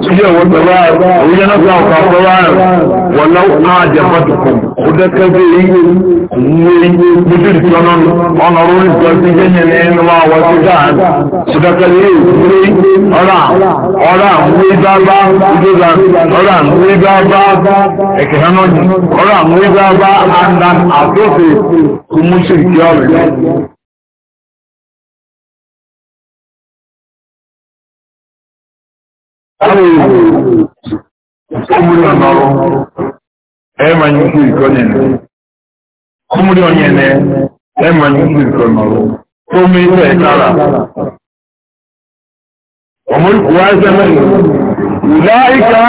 sílẹ̀ owó tẹ̀lá òwúyẹ́ náà sọ ọ̀kan tọ́lá wọ̀ lọ́wọ́ àjẹmọ́tòkùn kò dẹ́kẹ́ bí i wúwe nítorí tí ọ̀nà ọlọ́run ló pè kí ní ìyẹn nínú àwọ̀ síta sọ̀dọ̀kẹ́ lè wúwe ọ̀rà ọ̀rà wúwe bábá ìjọba ọ̀rà wúwe bábá ẹ̀kẹ́ hánà ọ̀rà wúwe bábá àndàn àtọ́fẹ́ kùmùsì kí ọ̀rẹ́ Omuri ọ̀nọ̀rọ̀ na ní ikú ìkọ́nyẹ̀ nẹ̀. Omuri ọ̀nyẹ̀ nẹ̀ ẹ̀mà ní ikú ìkọ́nyọ̀rọ̀. Omi ilẹ̀ ẹ̀kára. na kùwá ẹsẹ̀ mẹ́rin. Ìláìka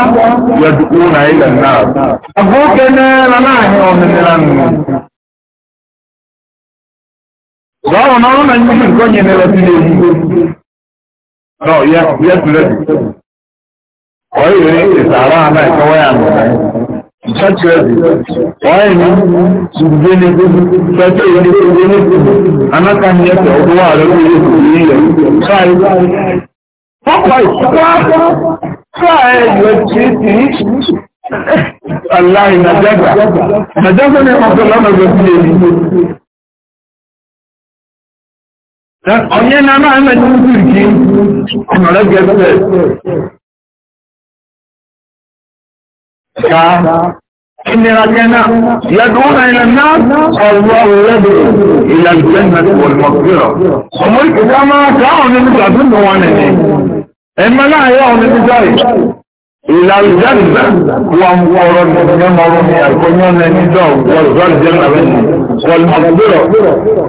yẹ̀dùkú na ilẹ̀ náà. Àbúkẹ́ náà náà ní na nù. na wọ́n yìí rí ìtàrà àmà ìkọwẹ́ àmì ìṣẹ́tìrẹ́bì wọ́n yìí ṣùgbé ní pẹ́tẹ́ ìdí Ọ̀yẹ́ náà máa ń mẹ́jọ́ ń ọ̀nà rẹ̀ gẹ̀ẹ́sẹ̀ إن رجعنا يدعون إلى النار والله يدعو إلى الجنة والمغفرة وملك كما كانوا يمتعون وانه إما لا يوم بذلك إلى الجنة وأمور المؤمنين يكونون نجاو والغر جنة والمغفرة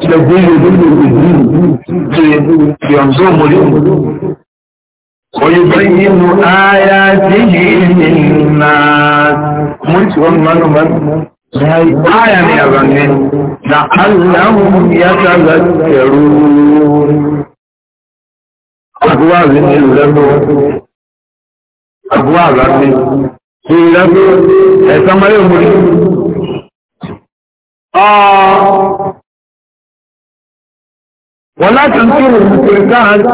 تجيل بالدين ينظر مليم ويبين آياته للناس مش ومن من هاي آية يا بني لعلهم يتذكرون أقوال الزمن أقوال الزمن ìrẹ́bí ẹ̀sánmọ́lé òmùrí wọ́n láti ń kí òun pẹ̀lú káàkiri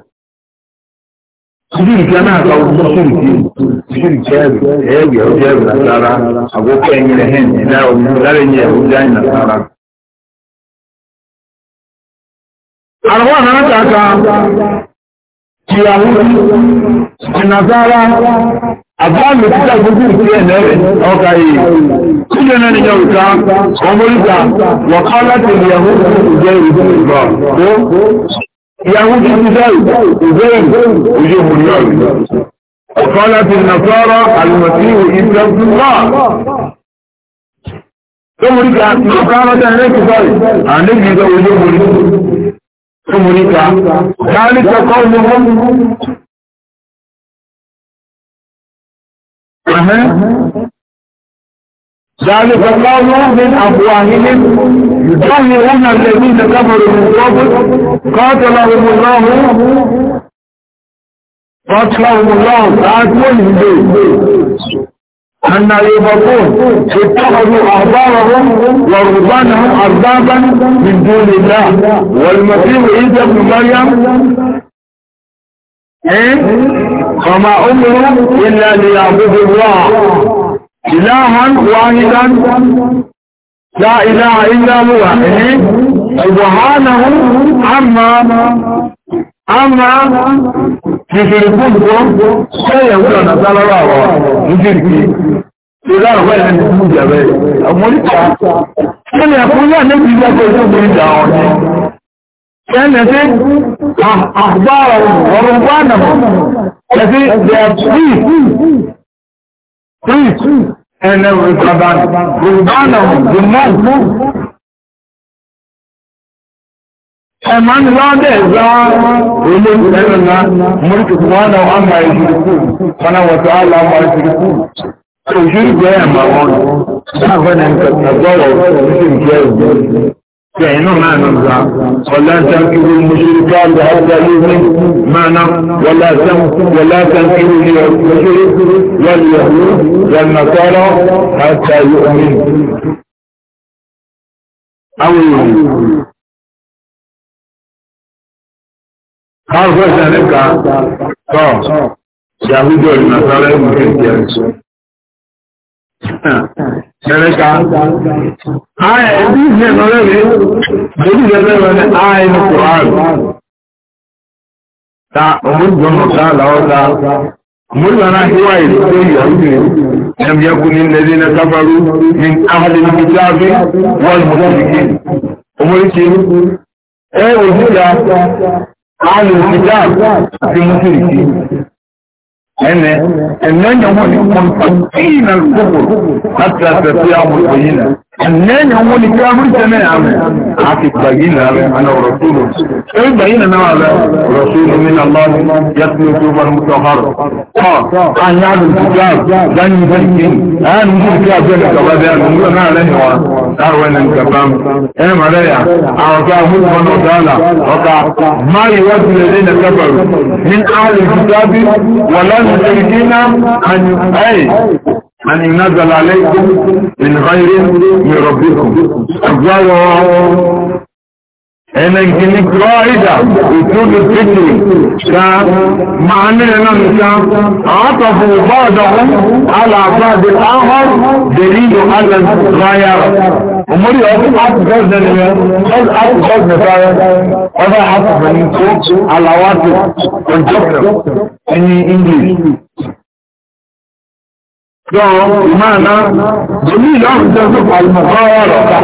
Ìṣirìkì náà ka ọgbọ́n ṣìrìkì ìṣirìkì ẹ̀rù ẹ̀rù ẹ̀rù ẹ̀rù nàtàrà àgọ́kọ́ ẹ̀yìn ẹ̀hìn ìdá ọmọ lára ẹ̀yìn ẹ̀rù ẹ̀rù nàtàrà. Àrùwá náà kàkà ìyàwó ìnàtàrà àbáàmì títà gbogbo ìpínlẹ̀ ẹ̀nẹ́rẹ̀ ọkà yìí. Kíjọ náà níyàn òkà ọmọ oríta láti ìyàwó ìjẹ́ ìrìbí ìgbà ìyàwó ti ti sáré ìbéèrè òye òmùnà ọ̀fọ́lá ti nà sọ́rọ̀ àlùmọ̀tí ìwò ìsẹ́gbùnmọ́ tó mú níka nàfàárọ̀ tẹ́ ẹ̀rẹ́ ti sáré àndébì ìsọ òye òmùnà ذلك الله من أفواههم يدهرون الذين كفروا من قبل قاتلهم الله قاتلهم الله قاتلهم أن يبقون اتخذوا أحبارهم ورهبانهم أربابا من دون الله والمسيح عيسى بن مريم إيه؟ فما أمروا إلا ليعبدوا الله إلها واحدا لا إله إلا هو سبحانه عما عما يشركون سيقول أن أسأل الله يشركي إذا غير أن يكون جبال أمريكا كان يقول أن نبي لا تكون دعوني كان يقول أخبارهم ورمضانهم الذي يبقيه preach and every Rabban, Rabbanahum, the monk. Ẹ̀mán lọ́dẹ̀ zá ilé ìrìnà múrùkùkù wọn náà wọ́n máa ìṣirikú, wọn náà wọ̀tọ̀ àlà máa ìṣirikú. Ṣé òṣìṣẹ́ ìgbẹ́ ẹ̀mà wọn? Ṣáàfẹ́ ni ẹ̀gbọ́rọ̀ ìṣirikú ẹ̀gbọ́rọ̀. فإنه معنى ولا تنكروا المشركات حتى يؤمن معنى ولا ولا تنكروا المشرك واليهود والنصارى حتى يؤمن أو يؤمن حرف سنة يهود والنصارى يمكن Ẹ̀rẹ́ta, ààrẹ ẹ̀bí ìfẹ́ ìfẹ́ rẹ̀ lórí ìrẹ́lẹ́rẹ́ ní ààrẹ ní Kòhárù. Ta ọmọdúnmọ̀ sáàlá ọ̀ta, ọmọdúnmọ̀ híwá ìlú tó yà ń bèèrè, ẹ̀mìyàkú ní lẹ́dí na káfàrú ní àhàlẹ̀ ní Jábí, wọ́n mọ̀ sí kí. Ọmọdúnmọ̀ ẹ̀ òjúdà, ààrẹ òjúdà àti mú أن أن يكون قمتين الكفر حتى تفيعهم البينة annene wani kafir ta ne a aka bayyana ba ana rasulu sai bayyana na wala rasulu min Allah ya tsino tubar mutahar ko an ya da kitab dan banki an yi kitab da gaba da mun na ranewa har wannan gaban eh maraya a wata mun wannan dala wata ma yawdu ladina kafaru min ahli kitabi wala mushrikina an ay أن ينزل عليكم من غير من ربكم أفضلوا أن يمكنك رائدة وجود الفتن كمعنى نمسا عطفوا بعضهم على بعض الآخر دليل على الغير ومري أفضل جزنا قد أفضل مثلا أنا عطفني على واحد كنت إني إنجليزي yóò ìmáàná èmi ìlọ́run tó tó àlùmọ̀kọ́ ọ̀rọ̀ ká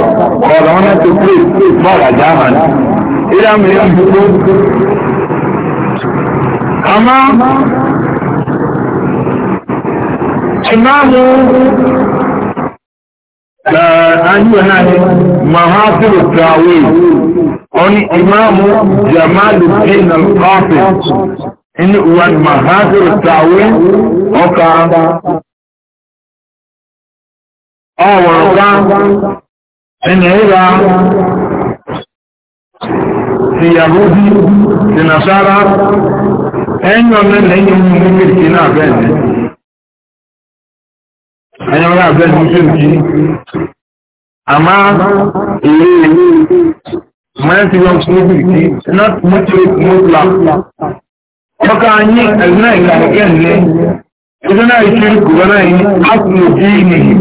ọ̀rọ̀ wọn tó pé bọ́ọ̀lù àjáhàn ìdá mìíràn dúró. àmọ́ ìmáàmù ayúwẹ̀ náà ni mahafiru trawe ọni ìmáàmù jamalu bin al inú ìwà mahafiru trawe ọkà ọwụrụkwa ịna ịra ti yahudi na nasara enyo nne na enyi mụ mụ na abịa ndị anya ọrụ abịa ndị mfe ama ere ere mmanya ti yọ mụ na anyị ẹgbẹ́ ìkàrẹ̀kẹ́ nne ẹgbẹ́ náà ìkiri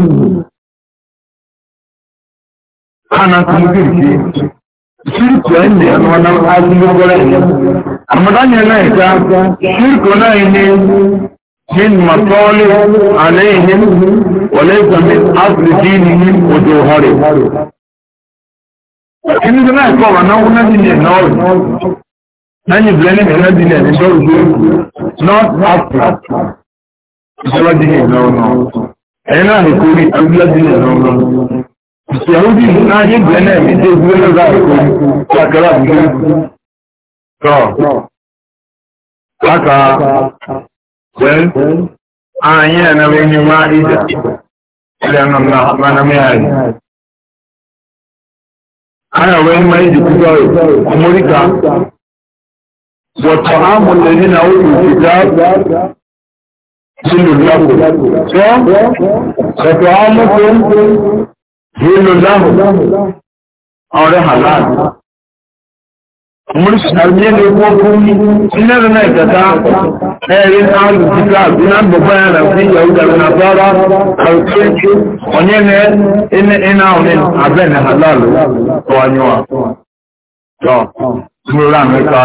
ana kuma girki shirku ne wannan azumi gwara ne amma dan shirku na ne min matali alaihim wa laysa min asli dinihim wa jawhari kini dana ko wa wannan din ne blani ne na din ne do do not asli so wa din ne nawo nawo ina ne ko ni abla din ne Yahudi náà yí gbẹ̀nẹ̀ mi dé gbé lọ́gbà ẹ̀kọ́ lákàrà bí i. Tọ́, láka, wẹ́n, ààyè ẹ̀nà bí ní máa ìjà, ilẹ̀ ẹ̀nà mọ́nà mí ààyè. Ààyè wẹ́n máa ìjì púpọ̀ rẹ̀, ọmọríkà, wọ̀tọ̀ ámùlẹ̀ ní na orí ìjìdá sílùú lápò. Tọ́, ọ̀tọ̀ ámùkú Hilo lahu ọ̀rẹ́ halal. Mùsùlùmí ni wọ́n fún ní ẹ̀rọ náà ìjọta ẹ̀rí alùsíkà náà gbogbo ẹ̀rọ sí Yahuda Nàbára àrùkú ọ̀nyẹ́ ní iná òní abẹ́ni halal tọ́wányíwá. Tọ́ múlùrà mẹ́ta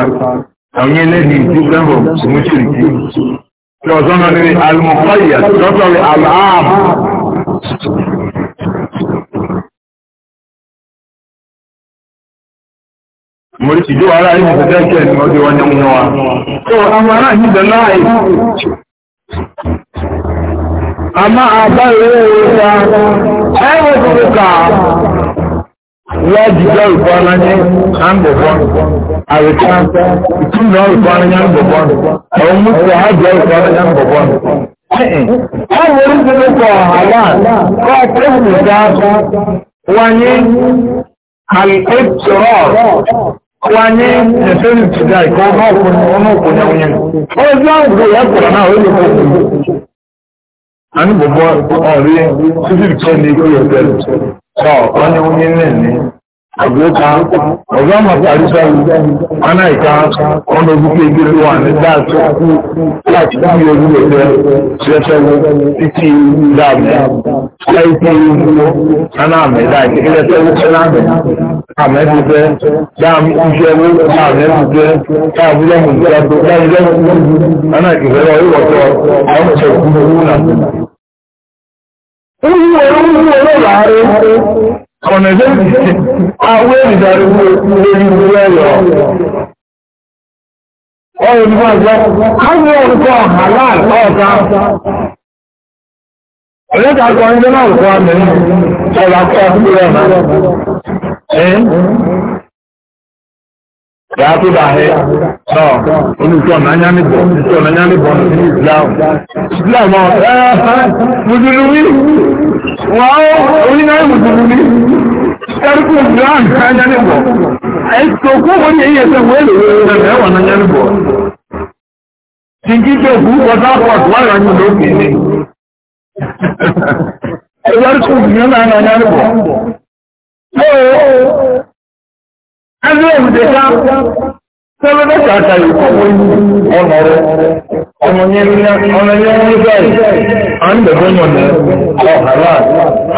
ọ̀nyẹ́ ní ní ìdúgbẹ́mọ̀ mùsùlùmí. mọ̀lẹ́sì ló ara yìí fẹ́ kẹ́ ní ọdí wọn ní wọn wá tó àwọn ará yìí bẹ̀rẹ̀ láàyè a máa bá ilé ìwòsà ẹwọ́ tó kà lọ́jì jẹ́ ìfọ́ aláyé àǹbọ̀bọ́ àrùkà ìtúnlọ́ ìfọ́ aláyé àǹbọ̀bọ́ àwọn mọ́sílẹ̀ àjọ ìfọ́ aláyé àǹbọ̀bọ́ Àwọn oríṣiríṣi kọ̀ àlá kọ́ kwanye nefeni tijai ka ọnụọkwụnye onye ọzọ ahụ ya kwara na ahụ ịlụkọ ọkwụnye anyị bụ ọrụ ihe tupu ikpe na ikpe ya obere ọ kwanye onye nne nne àgbóta ọ̀gá màtí àríṣàwò anáìka ọ̀nà òbúkẹ́ ìgbèrè wà ní dáàtì kú láti kú orí ẹ̀fẹ́ ṣẹ́ṣẹ́wó títí dáàbì láìpé ìwúwo anáàmì láìpé ìrẹsẹ́wó anáàmì àmẹ́bùfẹ́ dáàmì ìṣẹ́wó àmẹ́bùfẹ́ káàbùlẹ́mù ìjọba láìlẹ́mù anáìkìfẹ́ lọ ìwọ̀tọ̀ àwọn ìṣẹ̀kú owó náà. ọ̀nà ìgbẹ́rẹ̀ àwọ́ ìdàrí lórí ìlú ẹ̀yọ́ ọ̀rọ̀ ìlú àjọ káwọn ọ̀rọ̀ ọrụ ọ̀gá ọ̀lẹ́ta akọrin jẹ́ náà ọ̀rọ̀ àmì ọ̀rọ̀ akọrin ya tó bá hẹ ọ olùsọ n'anya níbọ olùsọ ní islam islam ọ ẹ mùsùlùmí wà ó onínáyé mùsùlùmí ẹrùkù islam n'anya níbọ ẹsọkú wọn yẹ iye sẹwọn èlò ẹsẹ ẹwà n'anya níbọ tìǹkì tó kú port harcourt wà lọ nínú òkè ní ẹrùkù islam n'anya níbọ. ẹni òwúdẹ ká sọlọ bẹ kàkà ìkọwé ọnọrọ ọmọ yẹn ní ọmọ yẹn ní bẹẹ à ń dẹbọ yàn ní ọhàlà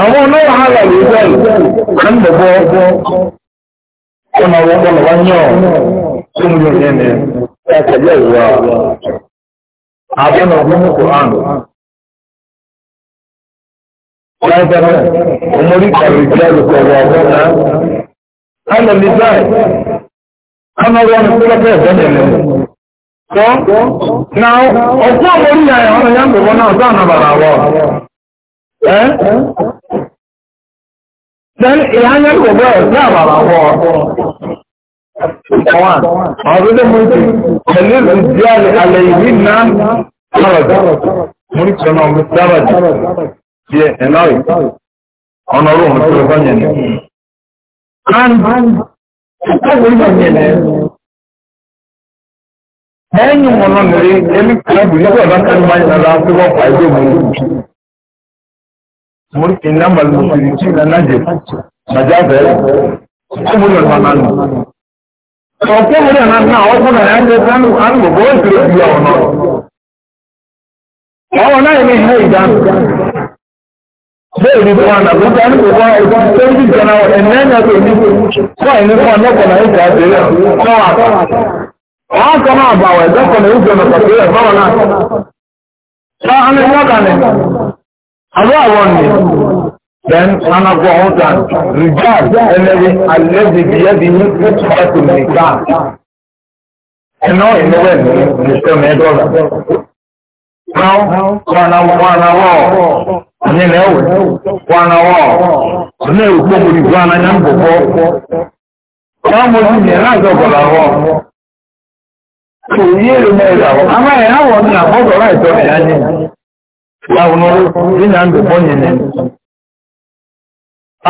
àwọn ọlọrọ hàlà lè bẹẹ à ń dẹbọ ọnọrọ ọnọrọ yàn tó mú yàn yẹn ní ẹ tẹlẹ ana lizai ana ruwa na kula kai da ne so now ọkọ mori ya ya ya mbọ na ọzọ na bara awọ eh then ya nya Ẹ̀yìn wọn náà rí ẹni kìláàbù nígbà bá kàn máa ń lọ sí wọ́n pa ẹgbẹ́ mi. Mo rí iná màlúù sí tí ìlà jẹ nàjà bẹ̀rẹ̀. Ó mú yọ̀nà máa nù. Ọ̀pọ̀ mi náà ọ̀pọ̀ náà yà ń jẹ sánú ìyá bẹ́ẹ̀ ni wọn àgbàgbà ní kò wá ọdún tó ń bí jọra ẹ̀mẹ́ náà tó ní wọ́n ní fún ọlọ́pàá náà ìjà àbẹ̀rẹ̀ náà wọ́n kọ́ máa bà wẹ̀ dọ́kọ̀ náà ìjọ náà pàtó rẹ̀ báwọn náà ṣá ọ̀nà ìjọ kàlẹ̀ àbẹ́ àwọn ni then nana gbọ́ ọ̀hún tán rìjáàd ẹlẹ́bi alẹ́bi bìyẹ́bi ní kẹ́tù now kwana kwana wọ onye na-ewe kwana wọ na-ewe kpọmuru igwe ananya mbụkọ kwamozi nyere azọ bọla họ kòyí ahụ mẹ́rin àwọ̀ amáyé àwọ̀ ní àbọ̀dọ̀ láìtọ́ ní ányé láwọn ọ̀rọ̀ ní nà mbụkọ nyere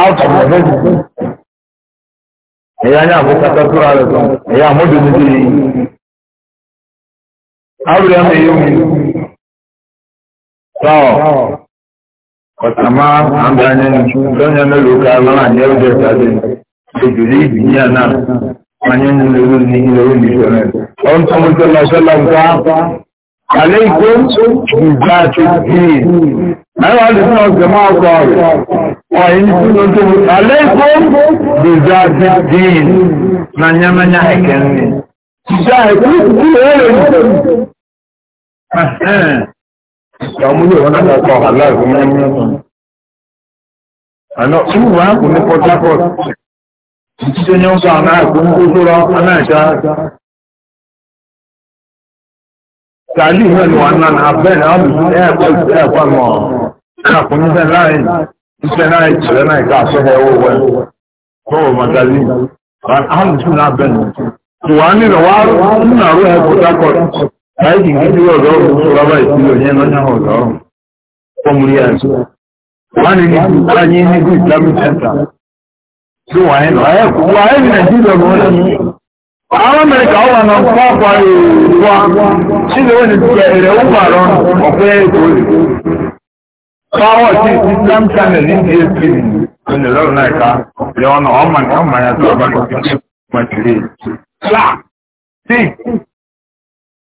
out of the bed ẹ̀yà tọ́ ọ̀tàmá àbáyé lọ́nyẹ mélòó ká lọ́nà jẹ́ dị ìtàdé ìjòlè ìbìyà náà wáyé ní na ní lórí ní ìṣẹ̀lẹ̀. ọ̀n tó mú tó lọ sọ́lá nǹkan na ọmúlò wọn náà kọ àlá ìfún na àná inú wa kò ní ní ọjọ́ àná ìfún tó lọ́rọ̀ aláìsá tààlì náà ni wọn náà bẹ́ẹ̀ náà mú ẹ̀ẹ́kọ́ ẹ̀ẹ́kọ́ mọ̀ káàkùn aiki gidi ọ̀gá ọ̀rọ̀ ṣọ́rọ̀bá ìpínlẹ̀ yẹn lọ́nà ọ̀gá ọ̀rọ̀ fọ́mùrí àìsù wọ́n ni ní nígbù islamic center tí wà ní nàìjíríà wọ́n ní àwọn amẹ́ríkà wà náà pàápàá ìwà sílẹ̀ wọ́n ni ẹ̀rẹ̀ ọgbà rán ọ̀pẹ́ ètò Power ti Islam channel ní DSP ní lọ́rùn náà ká lẹ́wọ́n náà ọmọ ìyá tó àbájọ́ sí ọmọ ìtìlẹ̀. Clap! See!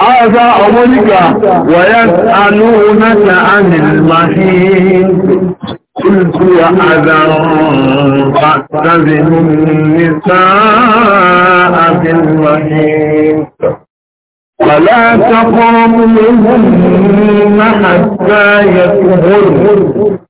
هذا أولك ويسألونك عن المحيط قل هو أذر فاعتزلوا النساء في المحيط ولا تقربوهن حتى يكبروا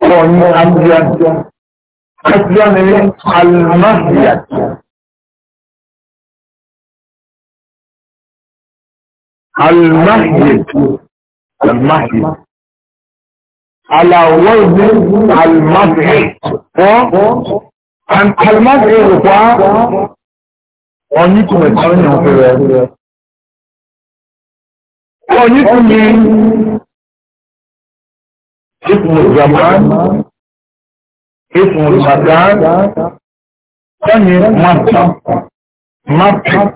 كوني أبيض أبيض المهيد المهيد المهيد على وزن المضحك أن المضحك هو ونكم الثاني هو في ونكم اسم الزمان اسم المكان ثاني مصر مصر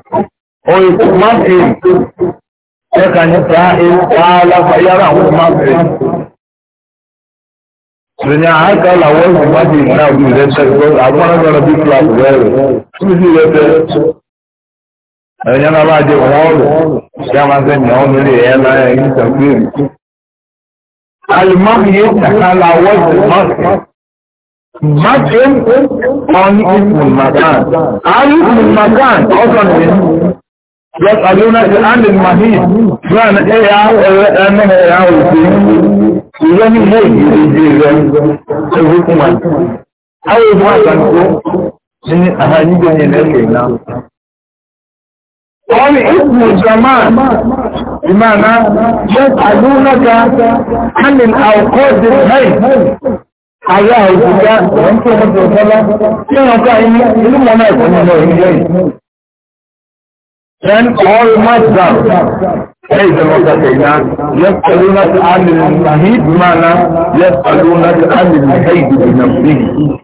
ويقول مصر كان سائل قال فيراه مصر Ìrìnà àákà làwọn ìgbàdì náà bí ìrẹsẹ̀ ìgbọ́n àgbọ́nagbọ́nà bí kìláàbù rẹ̀ tún sí ìrẹsẹ̀ ẹ̀yẹn náà bá jẹ́ wọ́n rẹ̀ ṣe a máa ń sẹ́yìn àwọn onílé ẹ̀yẹn náà ìtàkùn èrè Al-Mahdi takala wọ́ọ̀dì mọ́sí. Mákin on Ismul Makan. Al-Ismul Makan ọ̀sán ni Yes, Aluna ti Andin Mahid, Fran Eya Ẹ̀rẹ́mẹ́ Ẹ̀yà òsì, ìrẹ́ ní ilé ìdíje rẹ̀ ṣerúkúnmà. Àwọn ìbọn àgbàǹkó ní àhà nígbẹ̀yẹ̀ lẹ́kẹ̀ẹ́ náà. Wọ́n ni Ismul Jamal, بمعنى يسألونك عن الأوقات الهي حياه الزكاة وانت رب الصلاة كما قائم لما ما يكون الله إليه كان قول مصدر ليس المصدرين يسألونك عن المهيد بمعنى يسألونك عن المهيد بنفسه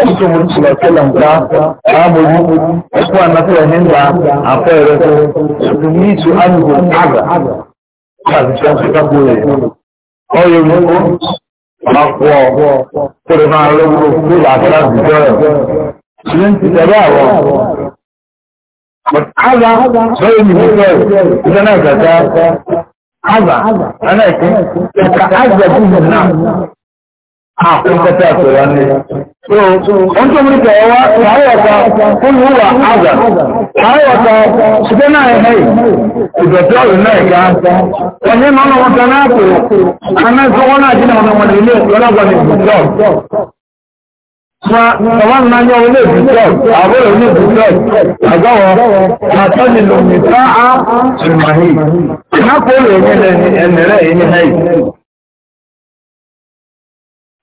Ojú mo ti lọ sílẹ̀ nǹkan àmójú ẹkún ànáfẹ́ nígbà àfẹ́rẹ́ tó ṣùgbọ́n ní ìtú àyùbọ̀ àgbà láti ṣe àṣìṣe gbòòrè. Ọyọ̀ mi kú ọ̀pọ̀ tó lè máa lọ́wọ́ ní rẹ̀. ti tẹ̀lé Àgbà sọ́yìn mi ìṣẹ́ náà gàdá. Àgbà, ẹ̀ka àgbà akọkọta àtọ̀rọ̀ ní ọ̀n tó mú ìtẹ̀ ọwá ṣàáyọ̀ta olùwà àgbà ṣàáyọ̀ta ṣùgbẹ́ náà ẹ̀hẹ́ ìdọ̀tí ọ̀rọ̀ náà ẹ̀ká ọ̀nyẹ́ nọ́nà wọn tán náà kò anáṣọ́ wọn náà jìnà ọ̀nà wọn ilé lọ́lágbọ̀n ìbùdó Ma ọwọ́n náà yọ olè ìbùdó àbúrò ní ìbùdó àgbọ̀wọ̀ àtọ́jì lòmìtá á ṣùgbọ́n yìí. Ìnákòó lè ní ẹnẹ̀rẹ̀ yìí ní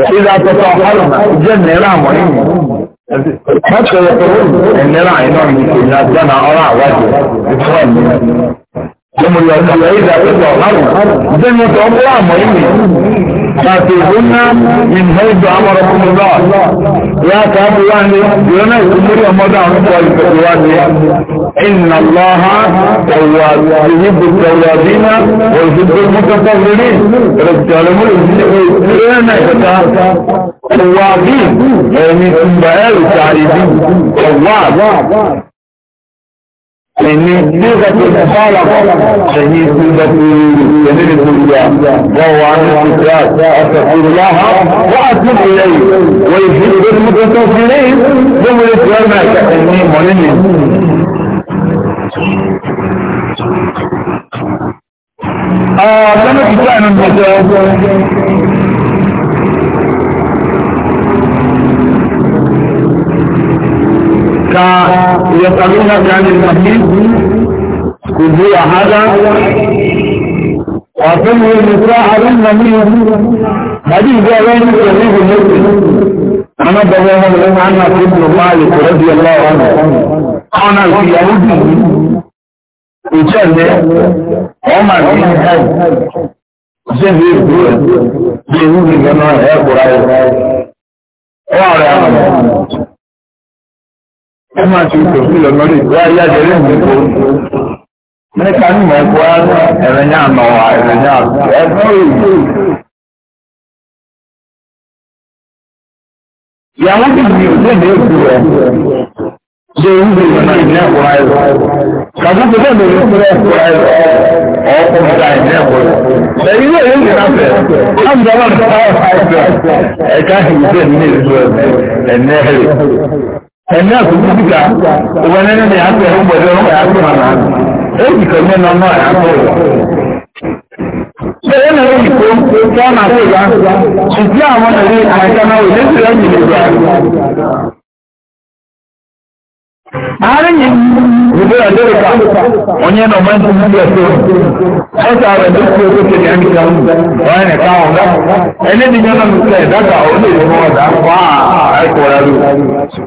إذا تطهرنا جنة لا مهم حتى يقولون إن لا ينعم من الجنة أرى وجه ọmọdé ọ̀kadà yìí dàbí ọ̀pọ̀ ọ̀hárùn sẹ́ni ọ̀tọ̀ ọ̀pọ̀ àmọ́ yìí kàtó ìgbóná ìmọ̀ ìjọ amọ̀rọ̀ kọmọdọ́ ya kàbí wá ní ìrọ́nà ìkúmúrí ọmọdé àwọn ọ̀pọ̀ ìpẹ̀lú wá ní ìnà lọ́ha ẹ̀wà ìyíbù tẹ̀wà dínà òṣìṣẹ́ mọ́tọ́tọ́ lórí ìrẹ̀tẹ̀ọ̀lẹ́mú فإني صيغة المخالفة فإني صيغة يمين الدنيا وهو عن الإسلام أستغفر الله وأتوب إليه ويجيب بالمتوفرين ثم الإسلام فإني مهم آه لما تتعلم المتوفر ka يسألونك عن المهدي قل هو هذا وقل المساعدون منه هذه جاءين صحيح المسلم أنا دوام لهم عنها ابن مالك رضي الله عنه أنا اليهودي ìṣẹ̀lẹ̀ ọmọ àti ìhàn ṣẹ́fẹ́ ìgbò ẹ̀ bí ìhùn ìgbẹ̀nà ẹ̀kùnrin ọ̀rẹ́ àwọn wọ́n máa ti tò sí lọ́lọ́rì wá yájẹ́ mẹ́ta ní na ẹ̀kọ́ ẹ̀rẹ̀nyà àmà wà ẹ̀rẹ̀nyà ẹ̀kọ́ ìlú. ìyàwó ti di òde ní èkó rẹ̀ ṣe ń gbé ìrìnà ìní ẹ̀kọ́ ẹ̀rọ kàbí tó bẹ́ẹ̀ lórí ẹ̀rọ ọkọ̀ ọ̀gá ìní ẹ̀kọ́ rẹ̀ ìrìnà láti ìgbẹ́ ní ìlú ẹni àkókò síta ìwọ ní ní àtẹ ọgbẹdẹ ọgbẹ àtúmọ̀ náà èyí kò ní nà ọmọ àtọ rẹ. Bẹ́ẹ̀ náà èyí kò tó ọ̀nà àtẹ̀gbá ṣùgbọ́n àwọn ẹ̀rí àìsàn náà ò lẹ́sìn rẹ̀ yìí nígbà. Àárín yìí ìgbé ọ̀dọ́ ìka onye nọ mọ́ ní ìgbé ẹ̀sọ́ ọ̀sà rẹ̀ ló fi owó kéde ẹni kan wọ́n ẹni ká ọ̀gá ẹni ní yọ́nà mi sẹ́ẹ̀ dákà ó lè fún ọ̀dà fún àìkọ̀ọ́rẹ́ rẹ̀.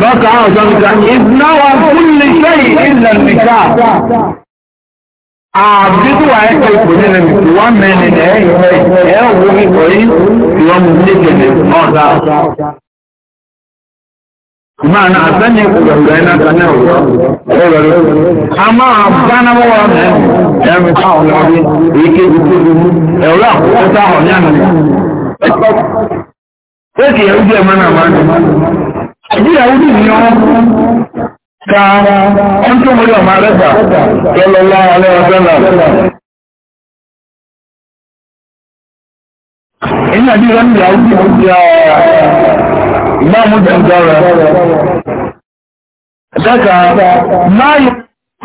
Bọ́kà àwọn ọ̀sán ìdínáwà kúlè sẹ́yìn ilẹ̀ nìká. Àbíkúwà ẹ̀kọ́ ìpò nílẹ̀ mìí wá mẹ́rin ẹ̀ẹ́ wo ìpò yìí tí wọ́n mú ní kẹ̀lẹ̀ ọ̀dá. Máa na àtẹ́yìn ìpòlọ̀gbẹ̀ iná kanáà ọ̀rọ̀. A máa bá Ó kìí ẹ̀rú mọ́nà máa ìgbéyàwó ní ìyàn ka ọ́n tó mọ́lé ọmọ arẹ́fà tọ́lọ́lá alẹ́wọ̀sẹ́lá inú àbí ìrọ́ nílẹ̀ àwọn ìgbìmọ̀ ti ìgbàmú jẹ́ǹdọ́rẹ̀ ẹ̀dẹ́ka máa yìí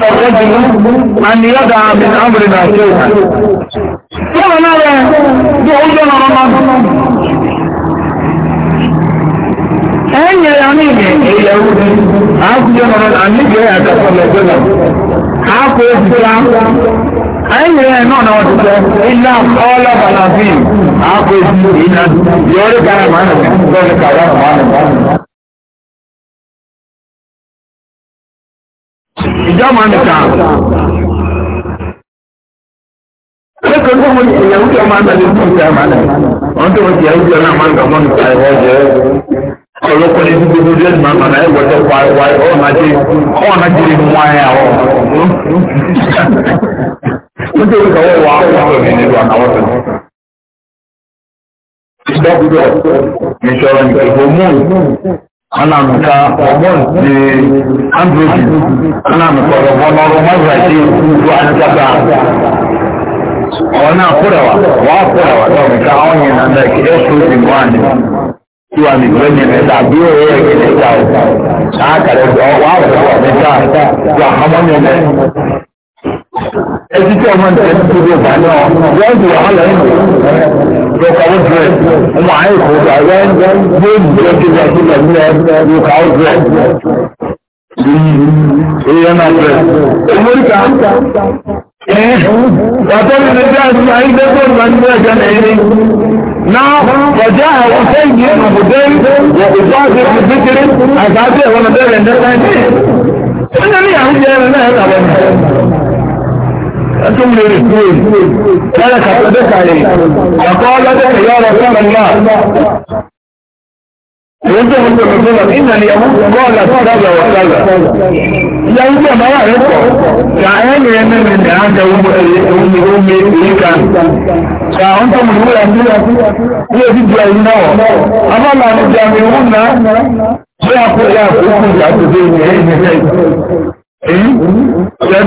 ọ̀pọ̀ jùlọ àníyàdà àmì àmì àti òkú ẹ̀yìn nyere ya ìyẹ̀ a àákùnjẹ́ ọ̀rọ̀ àníjẹ́ àkàtọ̀ lẹ́gbẹ̀lá àákù òṣìṣẹ́ ẹ̀yìn ẹ̀yà náà náà ọ̀ṣìṣẹ́ ilá ọlọ́ balafin àákù òṣìṣẹ́ ìná yọrí kára máa nà lọ́rẹ̀ kára máa nà. ìjọba nìkan Ẹ̀kọ́ tó mo ìyàwó tí ọmọ àná lè fún ọlọ́kọ́ ní gbogbo ọdún ẹ̀dùn máa nà ẹ̀wọ̀tọ̀ wáyé ọ̀rọ̀ náà jẹ́ ọ̀rọ̀ náà jẹ́ inú wáyé àwọ̀ nítorí kọ́ wọ́n wà áwọ̀ ní nílùú àtàwọn tó dọ́kítọ̀ ìṣọ̀rọ̀ hormone anamika hormone androgen anamika ọ̀rọ̀gbọ́n ọ̀rọ̀ mọ́tò àti ìlú àtàkà ọ̀nà àkúrẹ̀wà wà á kúrẹ̀wà tiwa mi gbẹ nyẹmẹ ta bi o yẹ nyẹmẹ ta o saa kàdé ọ wà á wọ ọmọ ta wà hàmọ nyẹmẹ esi tí ọmọ nìyẹn ti di ọba náà wọn ti wà hàlẹ ẹnu lọ kà ó dùrẹ ọmọ ayé kò gbà wọn gbé nìyẹn ti di ẹsẹ lọ nílẹ kà ó dùrẹ èyí èyí ẹ náà dùrẹ èyí ó rí ká. وقال النجاة اسماعيل يقول من نجا نعيني نعم وجاء وسيد وحدين وإضافة بذكر أسعده ونبيل النجاة أنا لي أعود يا أنا أنا أنتم للرسول كان كتبت عليه وقال لك يا رسول الله Ìwọ́njẹ́ ọmọ ìgbẹ̀mọ̀ fún ọ̀nà ìnà ni ẹ̀mú gọ́ọ̀lá sí dábà wà dábà. Ìyá ìjọ bàbá rẹ̀ pọ̀, kà ẹ̀rì ẹ̀mẹ́ mi ní àjọ ọmọ omi omi ìka. Kà ń tọ́ mọ̀ níwọ̀n ní ilé ti di ẹ̀yìn náà. Abọ́là ni di àmì ìwọ̀n náà. Ṣé àpò ìyá àkókò ìyá tó dé ìyẹn ìyẹn fẹ́? Èyí ṣe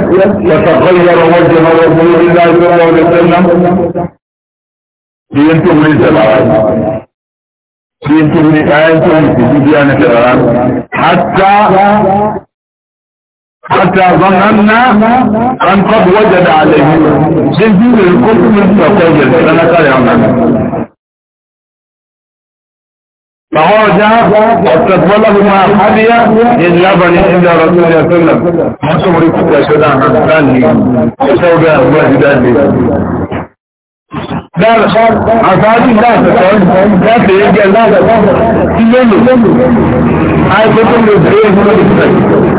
pàtàkọ́ ìyára wọ́n jẹ ọmọ ọmọ orílẹ̀-èdè حتى حتى ظننا أن قد وجد عليهم جزيل الكفر فوجد لنا كلام فخرج واستقبله ما حبي من لبن عند رسول الله صلى الله عليه وسلم عن ثاني Dára àfáàdì láàtọ̀tọ̀ láti ẹgbẹ́ láàtọ̀tọ̀ tí lónìí. Àìsọ́ tó lè bèèrè fún lórí ìfẹ́.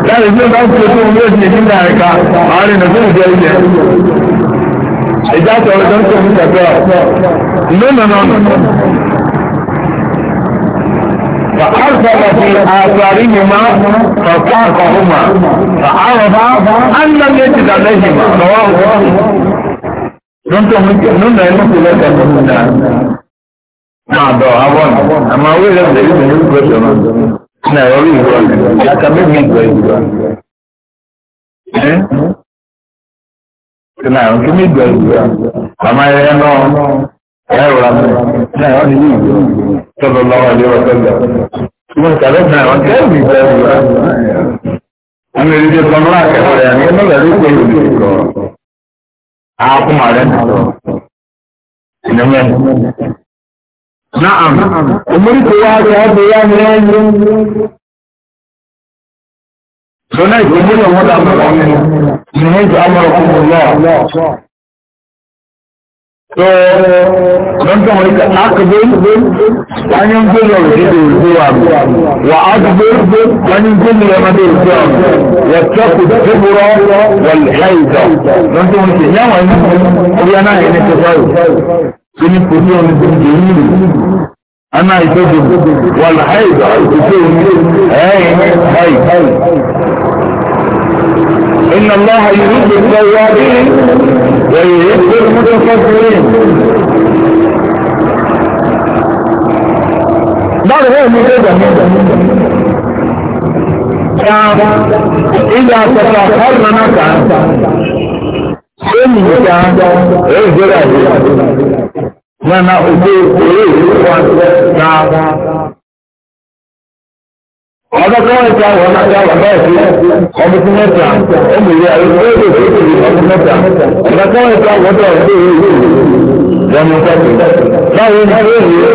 Láti ní bá ń fi tó ń lórí ìdí ní àríkà, àárín nà fún ìjẹ ilẹ̀. Ìjátọ̀ ọ̀rọ̀ tó ń tó ń tẹ̀tọ̀. Lónìí nọ. فأرسل في آثارهما فساقهما فعرف أن لم يجد عليهما رواه nínú omi kẹ nínú ẹnu kò lẹsẹ nínú náà máa dọ àwọn àmọ àwọn èèyàn lè rí ìlú gbèsè náà nínú ẹ̀rọ rí ìlú ọ̀nà yàtọ̀ mímí ìgbà ìgbà nínú ẹ̀rọ kí mí ìgbà ìgbà àmọ ẹ̀rọ náà ẹ̀rọ rà mí nínú ẹ̀rọ ní ìlú tọ́lọ lọ́wọ́ ilé ọ̀tọ́ gbà wọ́n kàlẹ́ أعطم على إنما نعم أمرك وعلي هذا يا ميان سنة أمرك وعلي هذا يا ميان نهيت أمركم الله So, don kama yi ka akabin hanyar gudu da shi da zuwa wa akabin hanyar gudu da mada zuwa wa taku tubura wal haiza don kama yi ka yawa yi kuma na yi ne ta faru sun yi kudi wani dindini ana yi ta gudu wal haiza su ce wani haiza إن الله يريد التوابين ويريد المتفكرين بل هو مجدد إذا تفكرنا نكا سنك إجراء لنا أبوك إيه وأنت ọjọ́ tí wọ́n ti àwọn ọmọ tí wọ́n bá ẹ̀sìn ọmọ tí mẹ́ta ọmọ ìyá ẹ̀sìn ọmọ tí mẹ́ta ọmọ tí wọ́n ti àwọn ọmọ tí wọ́n ti lọ́mọ tẹ́tù báwo ni wọ́n yẹ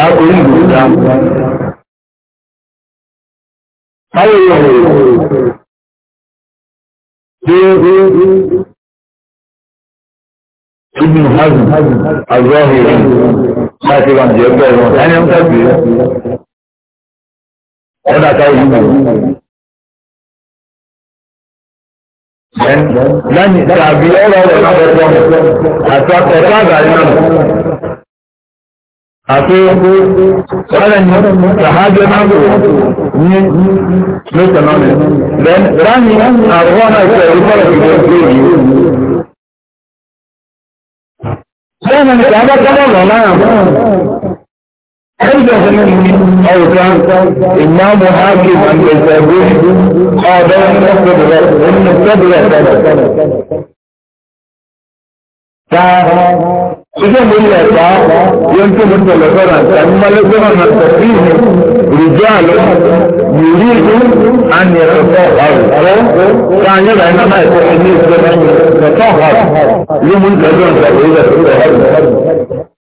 àákò ìlú ta. báwo yẹ ọ̀rọ̀ ṣé ibn hazm azọ́hìn láti wà ní ẹgbẹ́ wọn ẹni ń tẹ̀sí ọ̀dà táwọn yìí wò lẹ́yìn tàbí ọ̀rọ̀ ọ̀rọ̀ lábẹ́tọ́ àti ọ̀tọ́ àgbàrí náà àti ọ̀rẹ́ ni ṣàhájẹ́ náà ní lóṣànáàmì lẹ́yìn àwọn àìsẹ̀ ìfọ̀rọ̀ ìgbẹ́ yìí lẹ́yìn ni ṣàhájẹ́ náà lọ́nà أيضا أو كان إمام حاكم أن يسابوه قال إن السبرة فإذا بالله يمكن أن تلقر أما لقر أن تفيه رجال يريد أن يتطهر كان يرى أنما يتحميز بأن يتطهر لمن تدون تقريبا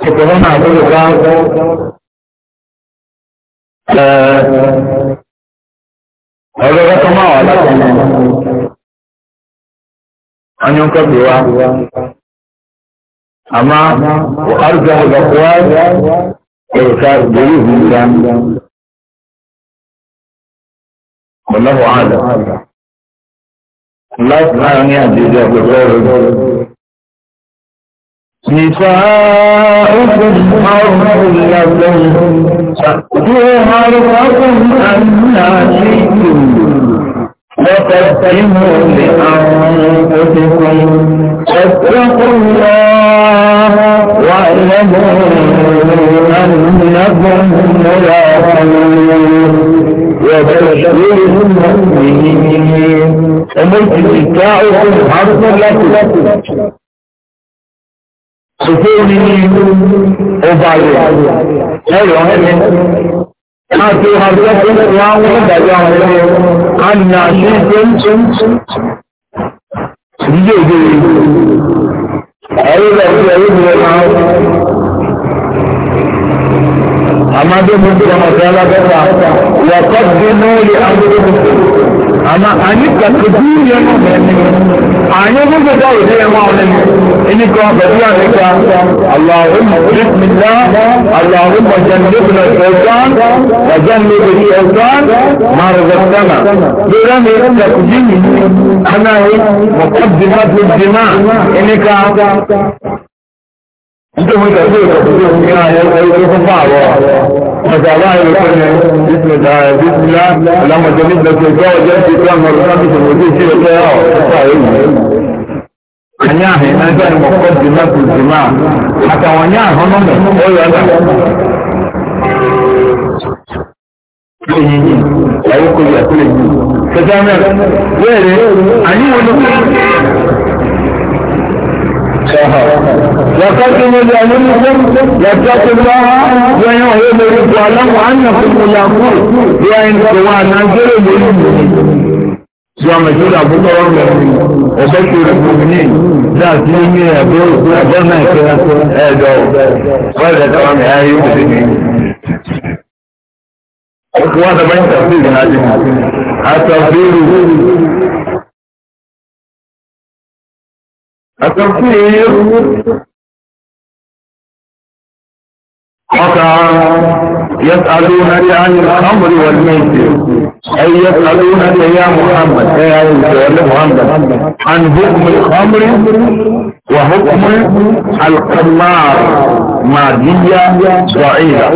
kòkòrò náà tó lè bá ọ̀rọ̀ rẹ̀ tó máa wà láti ọ̀nà ọ̀nyọ́ nǹkan bí wa àmọ́ àrùjọ ìgbàkúwá èròkà ìgbèrú ìlú ìlú ọlọ́wọ́ àdá láti láàrin àjẹjẹ نساؤكم حرف لكم فأتوا حرفكم أن شئتم وقدموا لأنفسكم واتقوا الله واعلموا أنكم ملاقون وبشر المؤمنين ومن تتبعكم حرفا لكم òfé ní ọba rẹ̀ ẹ̀rọ ẹ̀mí. Àti àjọpọ̀ láwọn ìdájọ́ àwọn e. ẹ̀rọ àná ní tuntun. Ìdíje òde ẹ̀rọ rẹ̀ ti ẹ̀rọ rẹ̀ máa ń. Àmàdé mú kí ọmọ ìfẹ́ alágbẹ́ta wọ̀kọ́ bínú lé àgbẹ̀dẹ́ ama anyị ka kedu ihe nọ n'enyi anyị hụrụ ka ụdị ya nwa ọnụ ịnị ka ọbịa ya nịka اللهم bismillah اللهم جنبنا الشيطان وجنب الشيطان ما رزقتنا دوران تقديم انا مقدمات الدماء انك انت متأثر تقديم يا يا يا فجعلها يقولنا بسم الله بسم الله اللهم na ndị mọkọ maka onye ahụ nọ na ọrịa enyinyi ya ịkụ ya kụrụ enyi. Kedu anya? Were anyị nwere وقدموا لأنفسكم يتقوا الله ويعلم ولو أنكم ملاقون وإن سواء نزلوا بالمؤمنين Ìjọba ìjọba àbúkọ́ ọ̀rọ̀ ọ̀bẹ́ tí ó rẹ̀ ní láti ní ẹ̀bọ́ ìjọba náà ìfẹ́ ẹ̀dọ̀ ọ̀rẹ́ ẹ̀dọ̀ ọ̀rẹ́ ayé òṣèlú ní. Ó kí wọ́n sọ bá ń tàbí ìrìn àjò. Àtàbí التفسير حكى يسألونك عن الخمر والميسر أي يسألونك يا محمد يا محمد عن حكم الخمر وحكم القمار مادية ضعيفة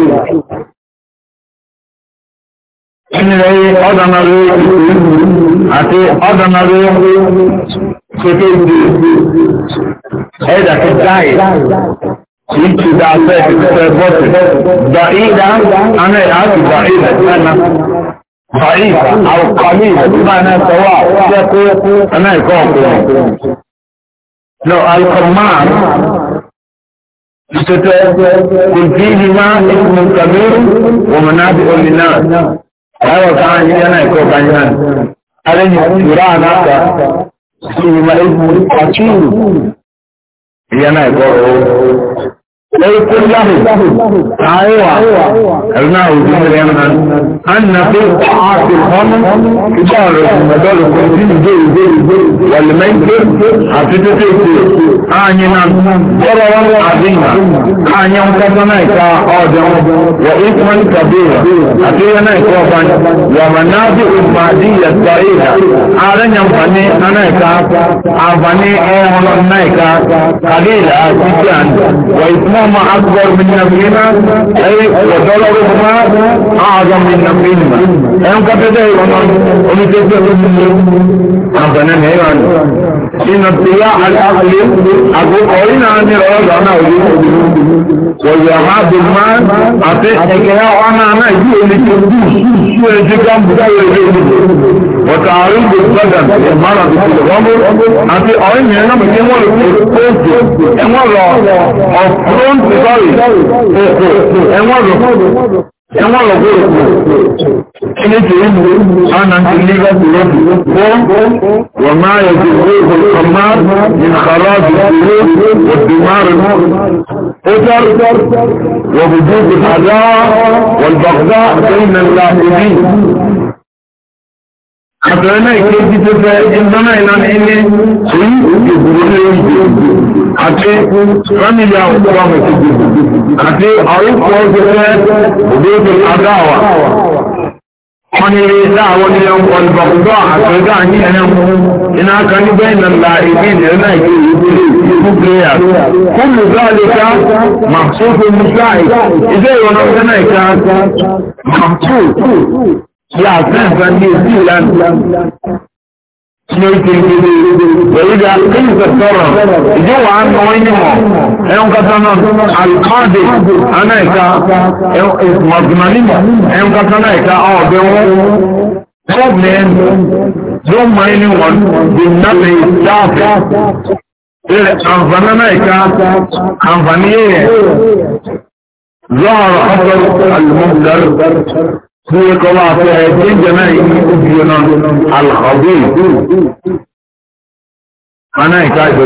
إن لي أدنى غير أتي أدنى غير second ẹ̀dà tó dáì ìtù dá fẹ́ ìfẹ́ bọ́tù bàídà àmì àti bàídà tánà bàídà àwọ̀kọ̀lì ìbáná sọ́wọ́ ṣẹ́kú ẹ̀nà ìkọ́ ọ̀pọ̀lọ̀ lọ alkọ̀máà ìṣẹ́tẹ́ kò tí ìhìmá ìfún kàmírù wọ̀mọ̀ná bí sí ìmọ̀ ìgbìmọ̀ ìpàkíyù ìyẹn ويقول له تعالوا ارنعوا دين اليمن ان في طاعات الخمر كبار مدار الكونتين جي جي والمنكر حتتتت انينا ضررا عظيما انيا كسنايكا اوجم واثما كبيرا اتينا كوفان ومنافع مادية ضعيفة ارنيا فني انايكا افني اوهن انايكا قليلا كتان واثما وهما أكبر من نفسنا أي وطلبهما أعظم من نفسنا أيهم كتبه ومن ونتبه أنتنا نيوان إن اتباع الأقل أقول قولنا أني رأيك أنا أجيب وزهاد المال أتحك يا أنا أنا أجيب لتبدو شو يجيكم بتاوي يجيب وتعريض البدن المرض في الغمر أنت أين ينام كمال الكوز أمر أفراد ẹ̀wọ̀n ti sọ́rí ẹ̀wọ̀n lọ ẹ̀wọ̀n lọ gbọ́rọ̀ kíni tí ó mú ọ̀nà ti nígbà tí ó mú wọ́n máa yẹ ti gbé ọmọ ìnàkàrà ti gbé والدمار أثر ووجود العداء والبغضاء بين اللاعبين àtọ̀rẹ́ náà ìwé tí tó fẹ́ ẹgbẹ́ náà iná ní ilé èyí ìgbòho ní ìgbò àti ránìyà òkúwa mẹ́tẹ̀gbò àti àrùkọ tó fẹ́ òdòdó adáwà wọ́n ni rí dáàwọ́ ní ẹn ọlùbàkúgbọ́ àtọ̀dá ní ẹ̀rẹ́m iná aka nígbẹ́ ìnàlá ìbí ìnìyàn náà ìgbé ìgbé ìgbé pléyà kúlù dáàlẹ́ká màtúù tó mú sáà ìdé ìrọ̀nà يعطيك أن يزيل أنت وإذا قلت الضرر جوا عنه وينه يوم كتنا القاضي أنا إكا مضمنين يوم كتنا إكا أو بيو problem ثم anyone did not be started àǹfààní náà ìka àǹfààní yẹn zọ́ọ̀rọ̀ ọ̀pọ̀ alùmọ́gbẹ̀rẹ̀ Ní ẹ̀kọ́ máa fẹ́ ẹ̀ tí ń jẹ náà yìí ó fi yọ náà معناه كتاب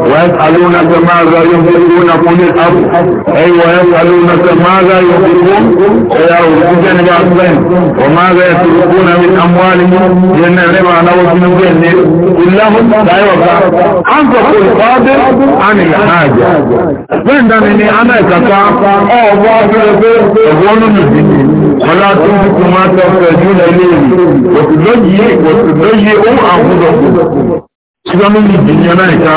ويسألونك ماذا ينفقون قل الأرض أي ويسألونك ماذا ينفقون ويروا جنب أصلين وماذا يتركون من أموالهم لأن الربا نوت من جنة كلهم لا يوقع أنفق القادر عن الحاجة فإن دمني أنا كتا أو باطل أقول مسلمين ولا تنفقوا ما تفجون إليه وتضيئوا أنفسكم ṣígbọ́n mú ní ìdíyẹ mẹ́ta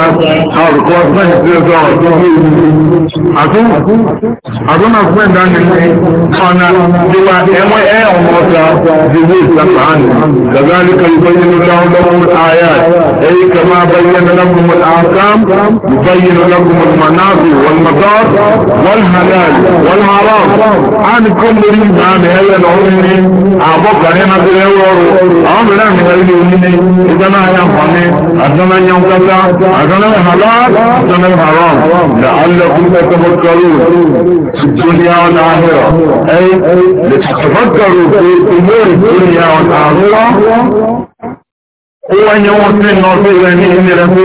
àrùkọ́ fẹ́ǹtì tí ó sọ̀rọ̀ tó ní ìlú àtúnà fẹ́ǹtà ní ọ̀nà ìwà ẹ̀wọ̀n ẹ̀ ọmọ ọ̀sà ìdíwé ìsàpá àná gàgáàlì kàlùkọ́ yìí lọ́wọ́ lọ́wọ́ àyà ẹ̀yí kàmá bẹ́yẹn lọ́gbọ̀mọ̀ àkàm bẹ́yẹn lọ́gbọ̀mọ̀ mọ̀nàbì wọ́n mọ̀tọ́ wọ́n halal wọ́n haram án kọ́ lórí ìgbàmì ẹ̀yẹ lọ́wọ́ ní àbọ̀kàrẹ́ náà ti rẹ̀ wọ́ọ̀rọ̀ àwọn mìíràn mìíràn ilé onílé ìdáná ayé àǹfààní àti أثناء ينقطع أثناء حلال أثناء حرام لعلكم تتفكرون الدنيا والآخرة أي لتتفكروا في أمور الدنيا والآخرة kowanne wasu na wasu irani inda da ko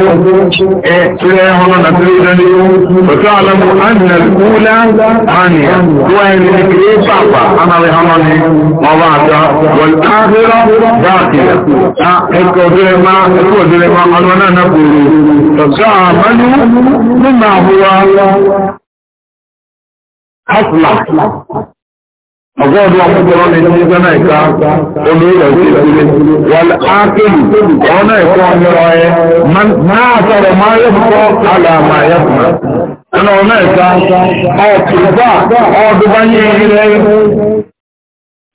e tire ya hana na tire da ne ba ta alamu an na kula haniya kowanne ne kire papa ana wai hana ne ma ba ta wal akhira baqiya a ko dire ma ko dire ma alwana na ko ta ga amalu mimma huwa asla ọgọ́dún ọkùnkùnrin ní ní sọ́nà ìka olóyè ọ̀sẹ̀ ìpínlẹ̀ wọ́n ákèlù ọ̀nà ìkọ́ ọ̀nyọ́rọ̀ ẹ̀ máa sọ̀rọ̀ máa yẹ fọ́ àlàmà yẹ fún ẹ̀. ọ̀nà ọ̀nà ìka ọ̀kùnfà ọ̀dùnbáyé ilẹ̀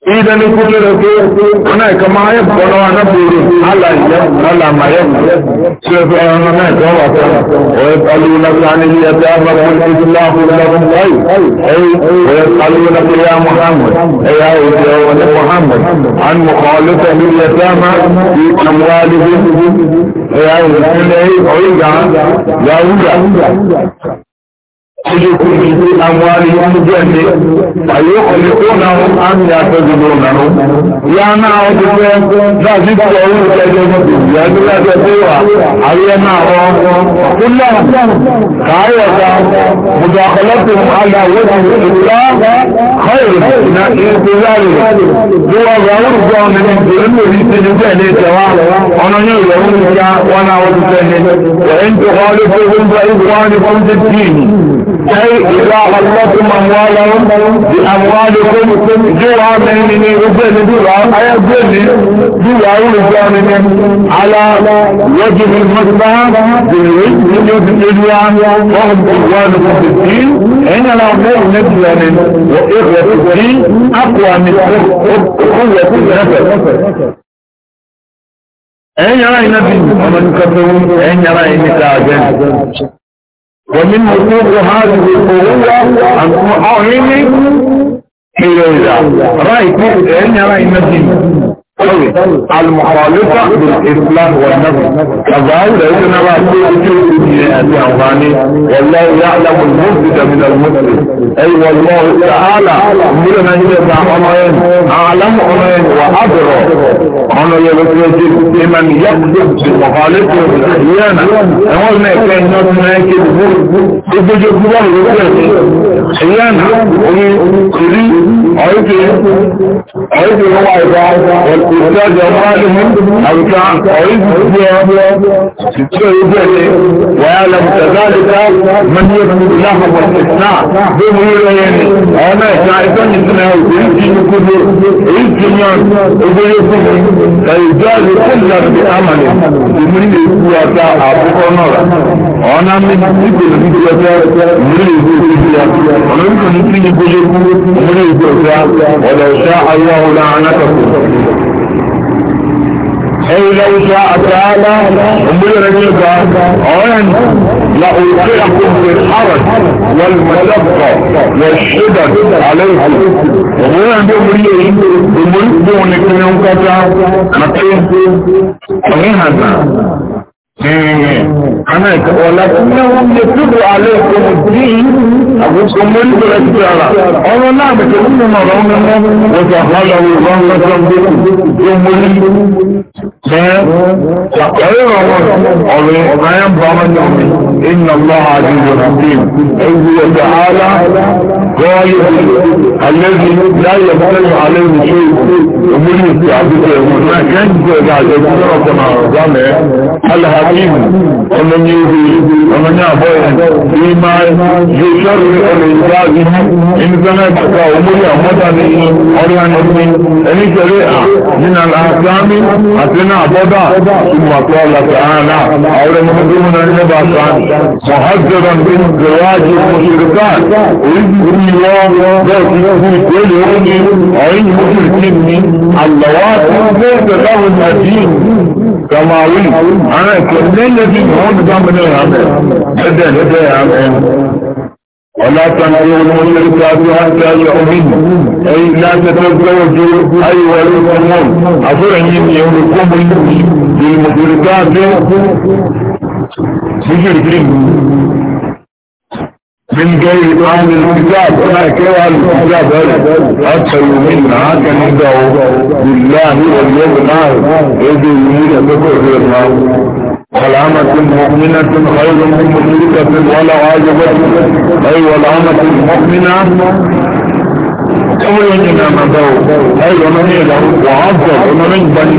idan kudu da ke ana kama ya bana wani buru halayya alama ya ce fi an na ka wa ta wa yasaluna sani ya ta ba kun illahu lahum ay ay wa yasaluna ya muhammad ya ya wa muhammad an mukhalafati ya tama fi amwalihim ya ya ne ay ga ya wuda يجيكم في أموالهم جنة ويخلقونهم أم يعتذبونهم يا نعو بكم لا تدعون كجنة يا بلا تدعوا علي نعو كلهم كاية مداخلتهم على وجه الله خير من انتظارهم هو غير جون من الظلم يتجدين سواء أنا يرون وانا وتسنة وإن تخالفهم فإخوانكم في الدين أي إذا غلبتم أموالهم بأموالكم جوعا من رجال جوعا أي جن جوعا رجال على وجه المصلحة من الدنيا وهم إخوانكم في الدين إن الأمور نبيان وإخوة الدين أقوى من قوة النسل أين رأي نبي ومن كفرون أين رأي نتاجا ومن وجود هذه القوة أن تحاول إلى إذا رأيت أن رأي مدينة قوي المخالفة بالإسلام والنبي فظاهر لأننا بعد يعني والله يعلم المفسد من المسلم أي أيوة والله تعالى ملنا إلى عمين أعلم عمين وأدرى أنا يبتوجد لمن يقصد بمخالفة بالإحيانة أول ما كان الناس ناكد يبتوجد الله يبتوجد إحيانة ويقري أيضا أيضا هو أيضا ìtọ́jọ mọ́lùmí àwùjọ ọ̀rígbìyà ìtọ́ ìgbẹ̀rẹ̀ wàyà lọ́mùtàzálẹ́ta ọ̀nà ìgbèrè ìgbèrè ìgbèrè ìgbèrè ọ̀nà ìgbèrè ìgbèrè ọ̀nà ìgbèrè ìgbèrè ọ̀dọ̀ ṣá àwọn ọ̀nà ànátọ̀kùn إذا أصاب أمبلا رجلك عين في الحرج والمشقة والشدد عليكم وهنا عندهم ليه بمريد دونك من يوم كتا مكين صحيح هذا Ana ìkọ̀wọ̀ lábúlé wọn lè túbò alẹ́ ìkọ̀wọ̀ dí àgbókò mórí tó rẹ̀ ti ara. Ọ̀rọ̀ náà bẹ̀tẹ̀ nínú ọ̀rọ̀ ọmọ wọ́n àhálà ìwọ̀n lọ́jọ́ gbókù tó mórí. Ṣẹ́yìn ọ̀rọ̀ ọ̀rẹ́ ọ̀gáyà bọ́mọ́jọ́ mi, iná lọ́ha àdìyàn àti ewu ọjà ààlá gọ́ọ̀lì alẹ́bí láyé عليم ومن يهدي ومن يعبد فيما يشر الإنجاز إن كانت كأمور مدني أريان الدين أن شريعة من الأحكام أتنا عبدا ثم قال تعالى أولا مهدون النباسان محذرا من زواج المشركات وإذن الله ذات يهدي كل يوم أين مشركين اللوات ذات لهم الدين كما وين أنا lẹ́yìn tí wọ́n ti dáhùn ní àmì lẹ́dẹ̀ lẹ́dẹ̀ àmì ọ̀la tanayé olóyìnbó àti àti ayé ọ̀hìn ẹ̀yìn láti tó gbẹ́wò ju ayéwọ̀ ẹ̀rọ wọn àfúrẹ̀ yìí ni ẹ̀rọ kọ́mọ yìí ni mọ̀tòrò káàdé nígbèrè kiri من والعمة مؤمنة خير من مشركة ولا عجبت أي والعمة مؤمنة kamar yadda na na dawo ai wannan ne da wa azza wannan ne ban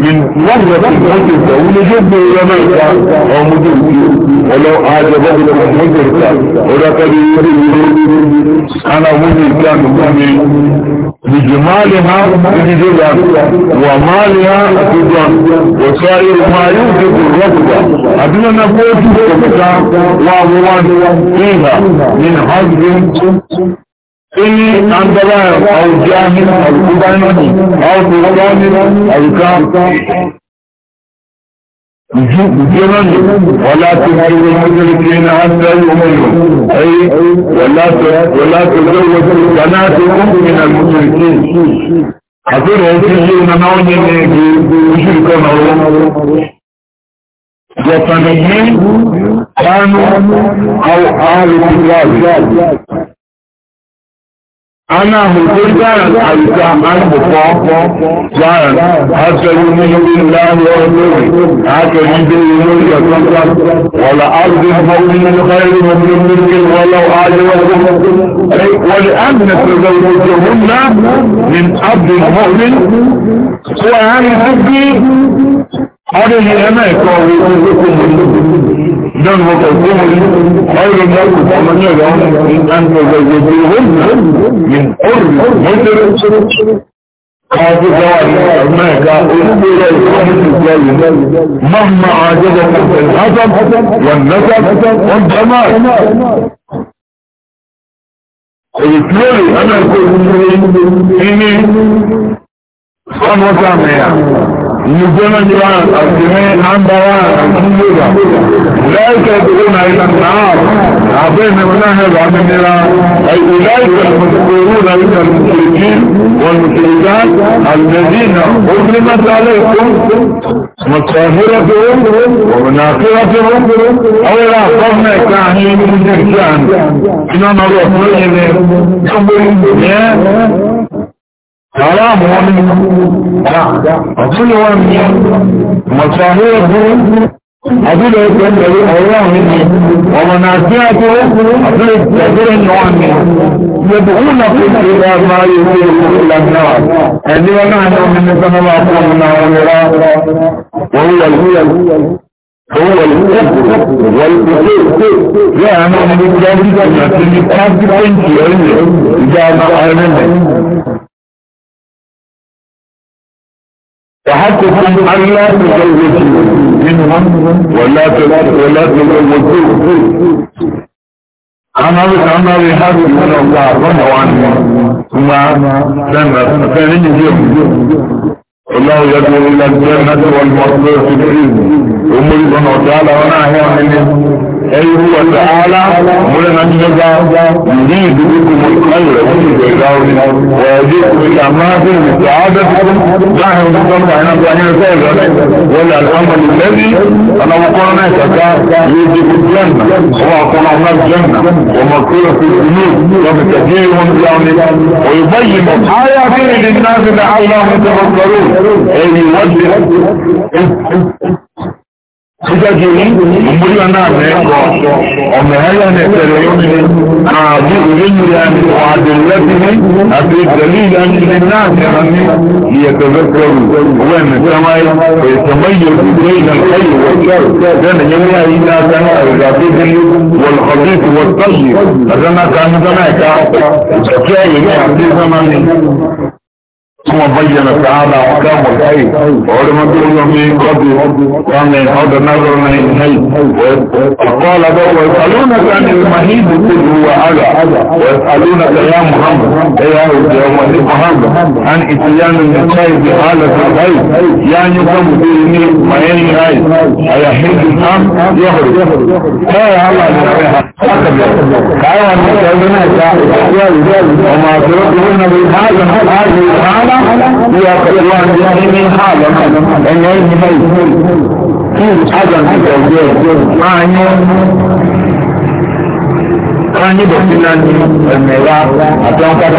min wanda ban da ke da wani jibbe ya mai ka a mutum ki wala ajaba da ka wala ka yi ana mutum ka mutum بجمالها بجدلا ومالها بجدلا وسائر ما يوجد الرفضة أبنى نبوت الشبكة وأموال فيها من حجم إني عن ضلال أو جاهل أو كباني أو سلطان أو كام جرن ولا تزوج المشركين حتى يؤمنوا أي ولا ولا تزوج بناتكم من المشركين حضر وفيه منعوني مشركون أولا وطنيين كانوا أو أهل الله ana hukun zaran alka an bukwa zaran asali mulkin lahuwar nuri haka yi bai yi da kanka wala arzin haunin na kayan hukun mulkin walau ajiyar wani amina su zai hukun hunna min abdin haunin su a hannun hukun ọdún ni ẹ̀mẹ́ ẹ̀kọ́ orí orí john walker tó mú ní ọ̀rọ̀ mọ́kù ọmọ ní ọ̀rọ̀ ọmọ ní àǹtọ̀ gbogbo tí ó ń lò ní ọ̀rọ̀ mọ́tẹ́rẹ́ ọdún gbọ́wà ní amẹ́ẹ̀ká olúgbò rẹ̀ ìfọ́nmù ti gbọ́ yìí mọ́mọ́ àjọba kọ̀ọ̀tẹ̀ hátọ́m wọn nẹ́tọ́m wọn jẹ́mọ́ èyí tí ó lè amẹ́ẹ̀kọ́ olúgbò rẹ̀ ní ọmọ sáà mẹ́yà نجمع جوان أو جميع عن بوان مجوبة أولئك يدعون إلى النار أعطينا مناهب عمن إلى أي أولئك المذكورون إلى المشركين والمشركات الذين أظلمت عليكم مكافرتهم ومناقرتهم أو إلى قرن كاهين من جرسان إنما الله سبحانه حرام ومن أصل ومن مصاهره أدل يتبع الله منه ومناسعته أدل يتبع ومن يدعون إلى ما يطيق إلى النار هذه ونحن من نسمى الله قومنا ونرى وهو الهيل هو الكفر والكفر يا أمام الجاهل يا سيدي كافر أنت يا أمي إذا ما أعلمت وحقكم أن لا تزوجوا منهم ولا ولا تزوجوا أنا أنا بحق من الله رضوا عني ثم سنة فإن الله يدعو إلى الجنة والمغفرة في الدين العلم ومرض وتعالى ونعي عن أي هو تعالى مولانا نجا يريد بكم الخير ويجيكم بالأعمال بسعادتكم نحن نقوم بأن نتعلم ذلك ولا الأمر الذي أنا وقعنا كذا يجيب الجنة وأقول الله الجنة ومغفرة الذنوب وبتكير يعني ويبين آياته للناس لعلهم يتفكرون أي يوجه Sígájú ọmọdé wọn náà mẹ́ kọ ọmọ ẹ̀yà ní ẹ̀tẹ̀rẹ̀ omi àbí òyìnbó ya ní àdìrẹ́bí ní àti ìtẹ̀lé ìlànà náà kẹra ní ìyẹ̀tẹ̀fẹ́ pẹ̀lú owó ẹ̀mẹ̀ sáwáyé ìsọ̀mọ́ yìí ojú pé ìlànà ẹ̀yẹ wọ̀ṣọ́rù bẹ́ẹ̀ ni wọ́n yà yí náà sáná àrùgbà tó dé ní wọ̀lọ̀kọ̀bí ti wọ́ṣọ́rù àtàná kan ní sáná ẹ̀ka ìṣọ̀kẹ́ ثم بين تعالى احكام الحي وعلم الدنيا من قبل وان ينحد نظر من الحي فقال له ويسألونك عن المهيد قل هو على ويسألونك يا محمد إيه يا يا محمد عن اتيان النساء حالة الحي يعني قم بإني مهين الحي أيحيد الأم يخرج يا الله كأيها المتعبنات وما تردهن بالحاجة هذه الحالة يا قدوان من هذا أن ينهي في عدم الزوجين مع أنه كان يبقى لنا المياه أتوقع